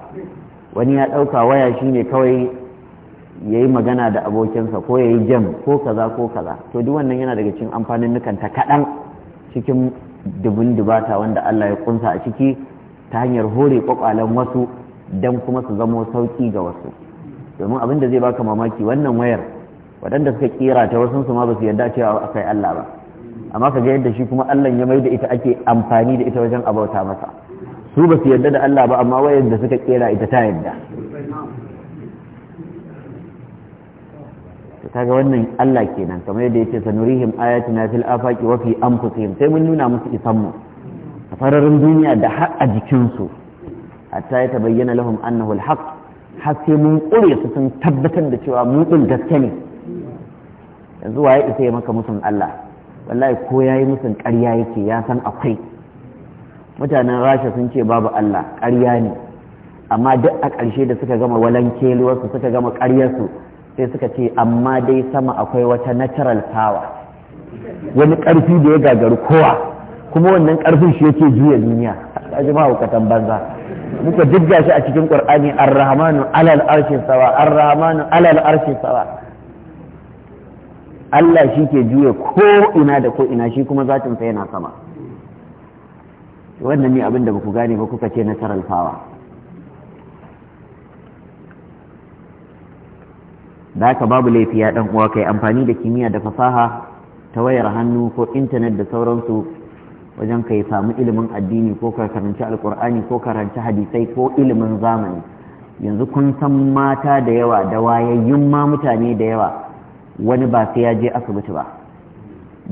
wani ya ɗauka waya shine kawai ya yi magana da abokinsa ko ya yi jam ko kaza ko kaza to duk wannan yana daga cikin amfanin nukanta kaɗan cikin dubun dubata wanda Allah ya kunsa a ciki ta hanyar hore kwakwalen wasu don kuma su zamo sauki ga wasu domin abin da zai baka mamaki wannan wayar waɗanda suka kira ta wasu su ma ba su yarda cewa akai Allah ba amma ka ga yadda shi kuma Allah ya maida da ita ake amfani da ita wajen abauta masa su ba su yarda da Allah ba amma wayar da suka kera ita ta yarda kaga wannan Allah kenan kamar yadda yake sanurihim ayatina fil afaqi wa fi anfusihim sai mun nuna musu isan mu a fararin duniya da har a jikin su hatta ya tabayyana lahum annahu alhaq har sai mun kure su sun tabbatar da cewa mu din gaske ne yanzu wa ya isa ya maka musun Allah wallahi ko yayi musun ƙarya yake ya san akwai mutanen rasha sun ce babu Allah ƙarya ne amma duk a ƙarshe da suka gama walanke su suka gama ƙaryarsu sai suka ce amma dai sama akwai wata natural power wani ƙarfi da ya gagaru kowa kuma wannan ƙarfin shi yake juya duniya a ji mahaukatan banza muka jirga shi a cikin ƙur'ani ar alal arshin sawa ar alal arshin sawa Allah shi ke juya ko ina da ko ina shi kuma zatinsa yana sama wannan ne abin da ba ku gane ba kuka ce nasarar fawa da haka babu laifi ya ɗan uwa kai amfani da kimiyya da fasaha ta wayar hannu ko intanet da sauransu wajen kai samu ilimin addini ko ka karanci alkur'ani ko karanci hadisai ko ilimin zamani yanzu kun san mata da yawa da wayayyun ma mutane da yawa wani ba sai ya je asibiti ba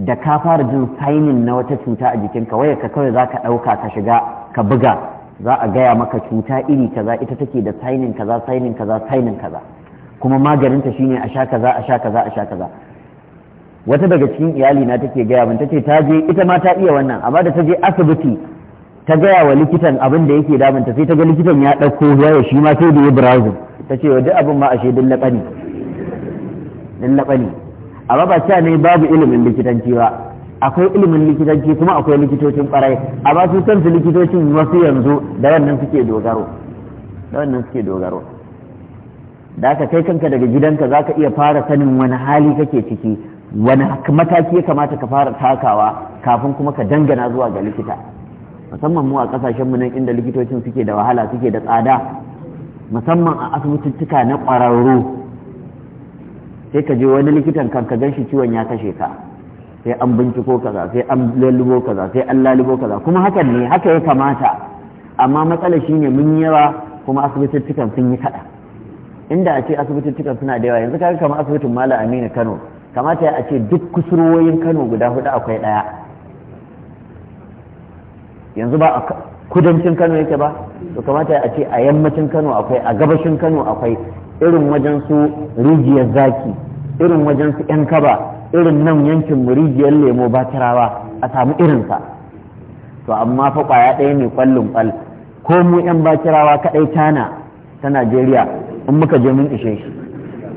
da ka fara jin sainin na wata cuta a jikinka waya ka kawai za ka ɗauka ka shiga ka buga za a gaya maka cuta iri kaza ita take da sainin kaza sainin kaza sainin kaza kuma maganinta shine a sha kaza a sha kaza a sha kaza wata daga cikin iyali na take gaya min tace ta je ita ma ta iya wannan amma da ta je asibiti ta gaya wa likitan abin da yake damunta sai ta ga likitan ya ɗauko waya shi ma sai da ya browsing ta ce wa duk abin ma ashe dillaka ne dan ne a ba sha ne babu ilimin likitanci ba akwai ilimin likitanci kuma akwai likitocin kwarai ba su kansu likitocin wasu yanzu da wannan suke dogaro da wannan suke dogaro da aka kai kanka daga gidanka za ka iya fara sanin wani hali kake ciki wani mataki ya kamata ka fara takawa kafin kuma ka dangana zuwa ga likita musamman mu a kasashen mu nan inda likitocin suke da wahala suke da tsada musamman a asibitittuka na kwararru. sai ka je wani likitan kan ka gan shi ciwon ya kashe ka sai an binciko kaza sai an lalubo kaza sai an lalubo kaza kuma hakan ne haka ya kamata amma matsala shine mun yawa kuma asibitittukan sun yi kada inda a ce asibitittukan suna da yawa yanzu kaga kamar asibitin Malam Aminu Kano kamata ya a ce duk kusurwoyin Kano guda hudu akwai daya yanzu ba a kudancin Kano yake ba to kamata a ce a yammacin Kano akwai a gabashin Kano akwai irin wajen su rijiyar zaki irin wajen su yan kaba irin nan yankin mu rijiyar lemo ba tarawa a samu irinsa to amma fa kwaya ɗaya ne kwallon kwal ko mu yan bakirawa kaɗai tana ta najeriya in muka je mun ishe shi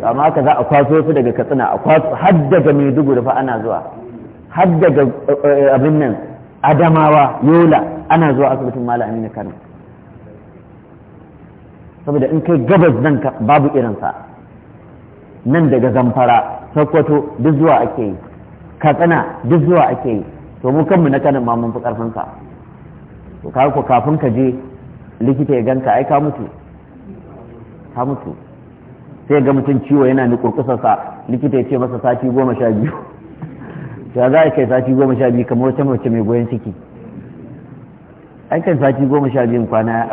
amma haka za a kwaso su daga katsina a kwaso har daga maiduguri fa ana zuwa har daga eh, eh, abin nan adamawa yola ana zuwa asibitin malam aminu kano saboda in kai gabas nan babu irinsa nan daga zamfara sokoto duk zuwa ake yi katsina duk zuwa ake yi to mu kanmu na kanin ma mun fi karfin sa to ka ko kafin ka je likita ya ganka ai ka mutu ka mutu sai ga mutum ciwo yana ni kurkusarsa likita ya ce masa sati goma sha biyu [laughs] ya za a kai sati goma sha biyu kamar wata mace mai goyon ciki aikin sati goma sha biyun kwana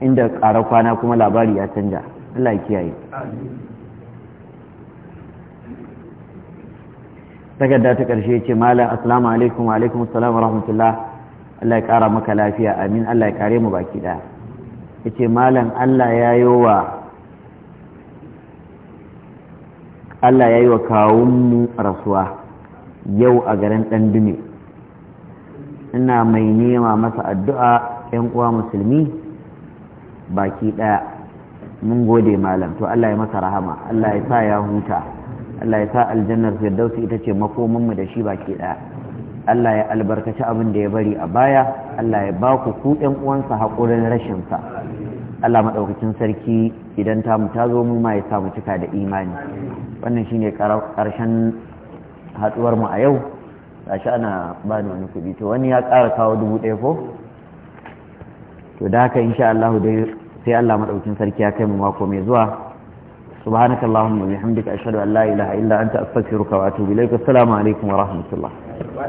inda ƙara kwana kuma labari ya canja Allah ya kiyaye takarda ta ƙarshe ce malam assalamu alaikum wa alaikum assalam wa rahmatullah Allah ya ƙara maka lafiya amin Allah ya kare mu baki ɗaya yace malam Allah ya yi wa Allah ya yi wa kawunmu rasuwa yau a garin ɗan dume ina mai nema masa addu'a ‘yan uwa musulmi baki ɗaya mun gode malam to Allah ya masa rahama Allah ya sa ya huta Allah ya sa aljannar firdausi ita ce mu da shi baki ɗaya Allah ya albarkaci abin da ya bari a baya Allah ya ba ku ku ɗan uwansa haƙurin rashin sa Allah maɗaukacin sarki idan ta mu ta zo mu ma ya sa mu cika da imani wannan shine karshen haɗuwar mu a yau gashi ana bani wani kuɗi to wani ya ƙara kawo dubu ɗaya ko to da haka insha Allah dai sai Allah madaukin sarki ya kai mu mako mai zuwa subhanakallahumma wa bihamdika ashhadu an la ilaha illa anta astaghfiruka wa atubu ilaik assalamu alaikum wa rahmatullah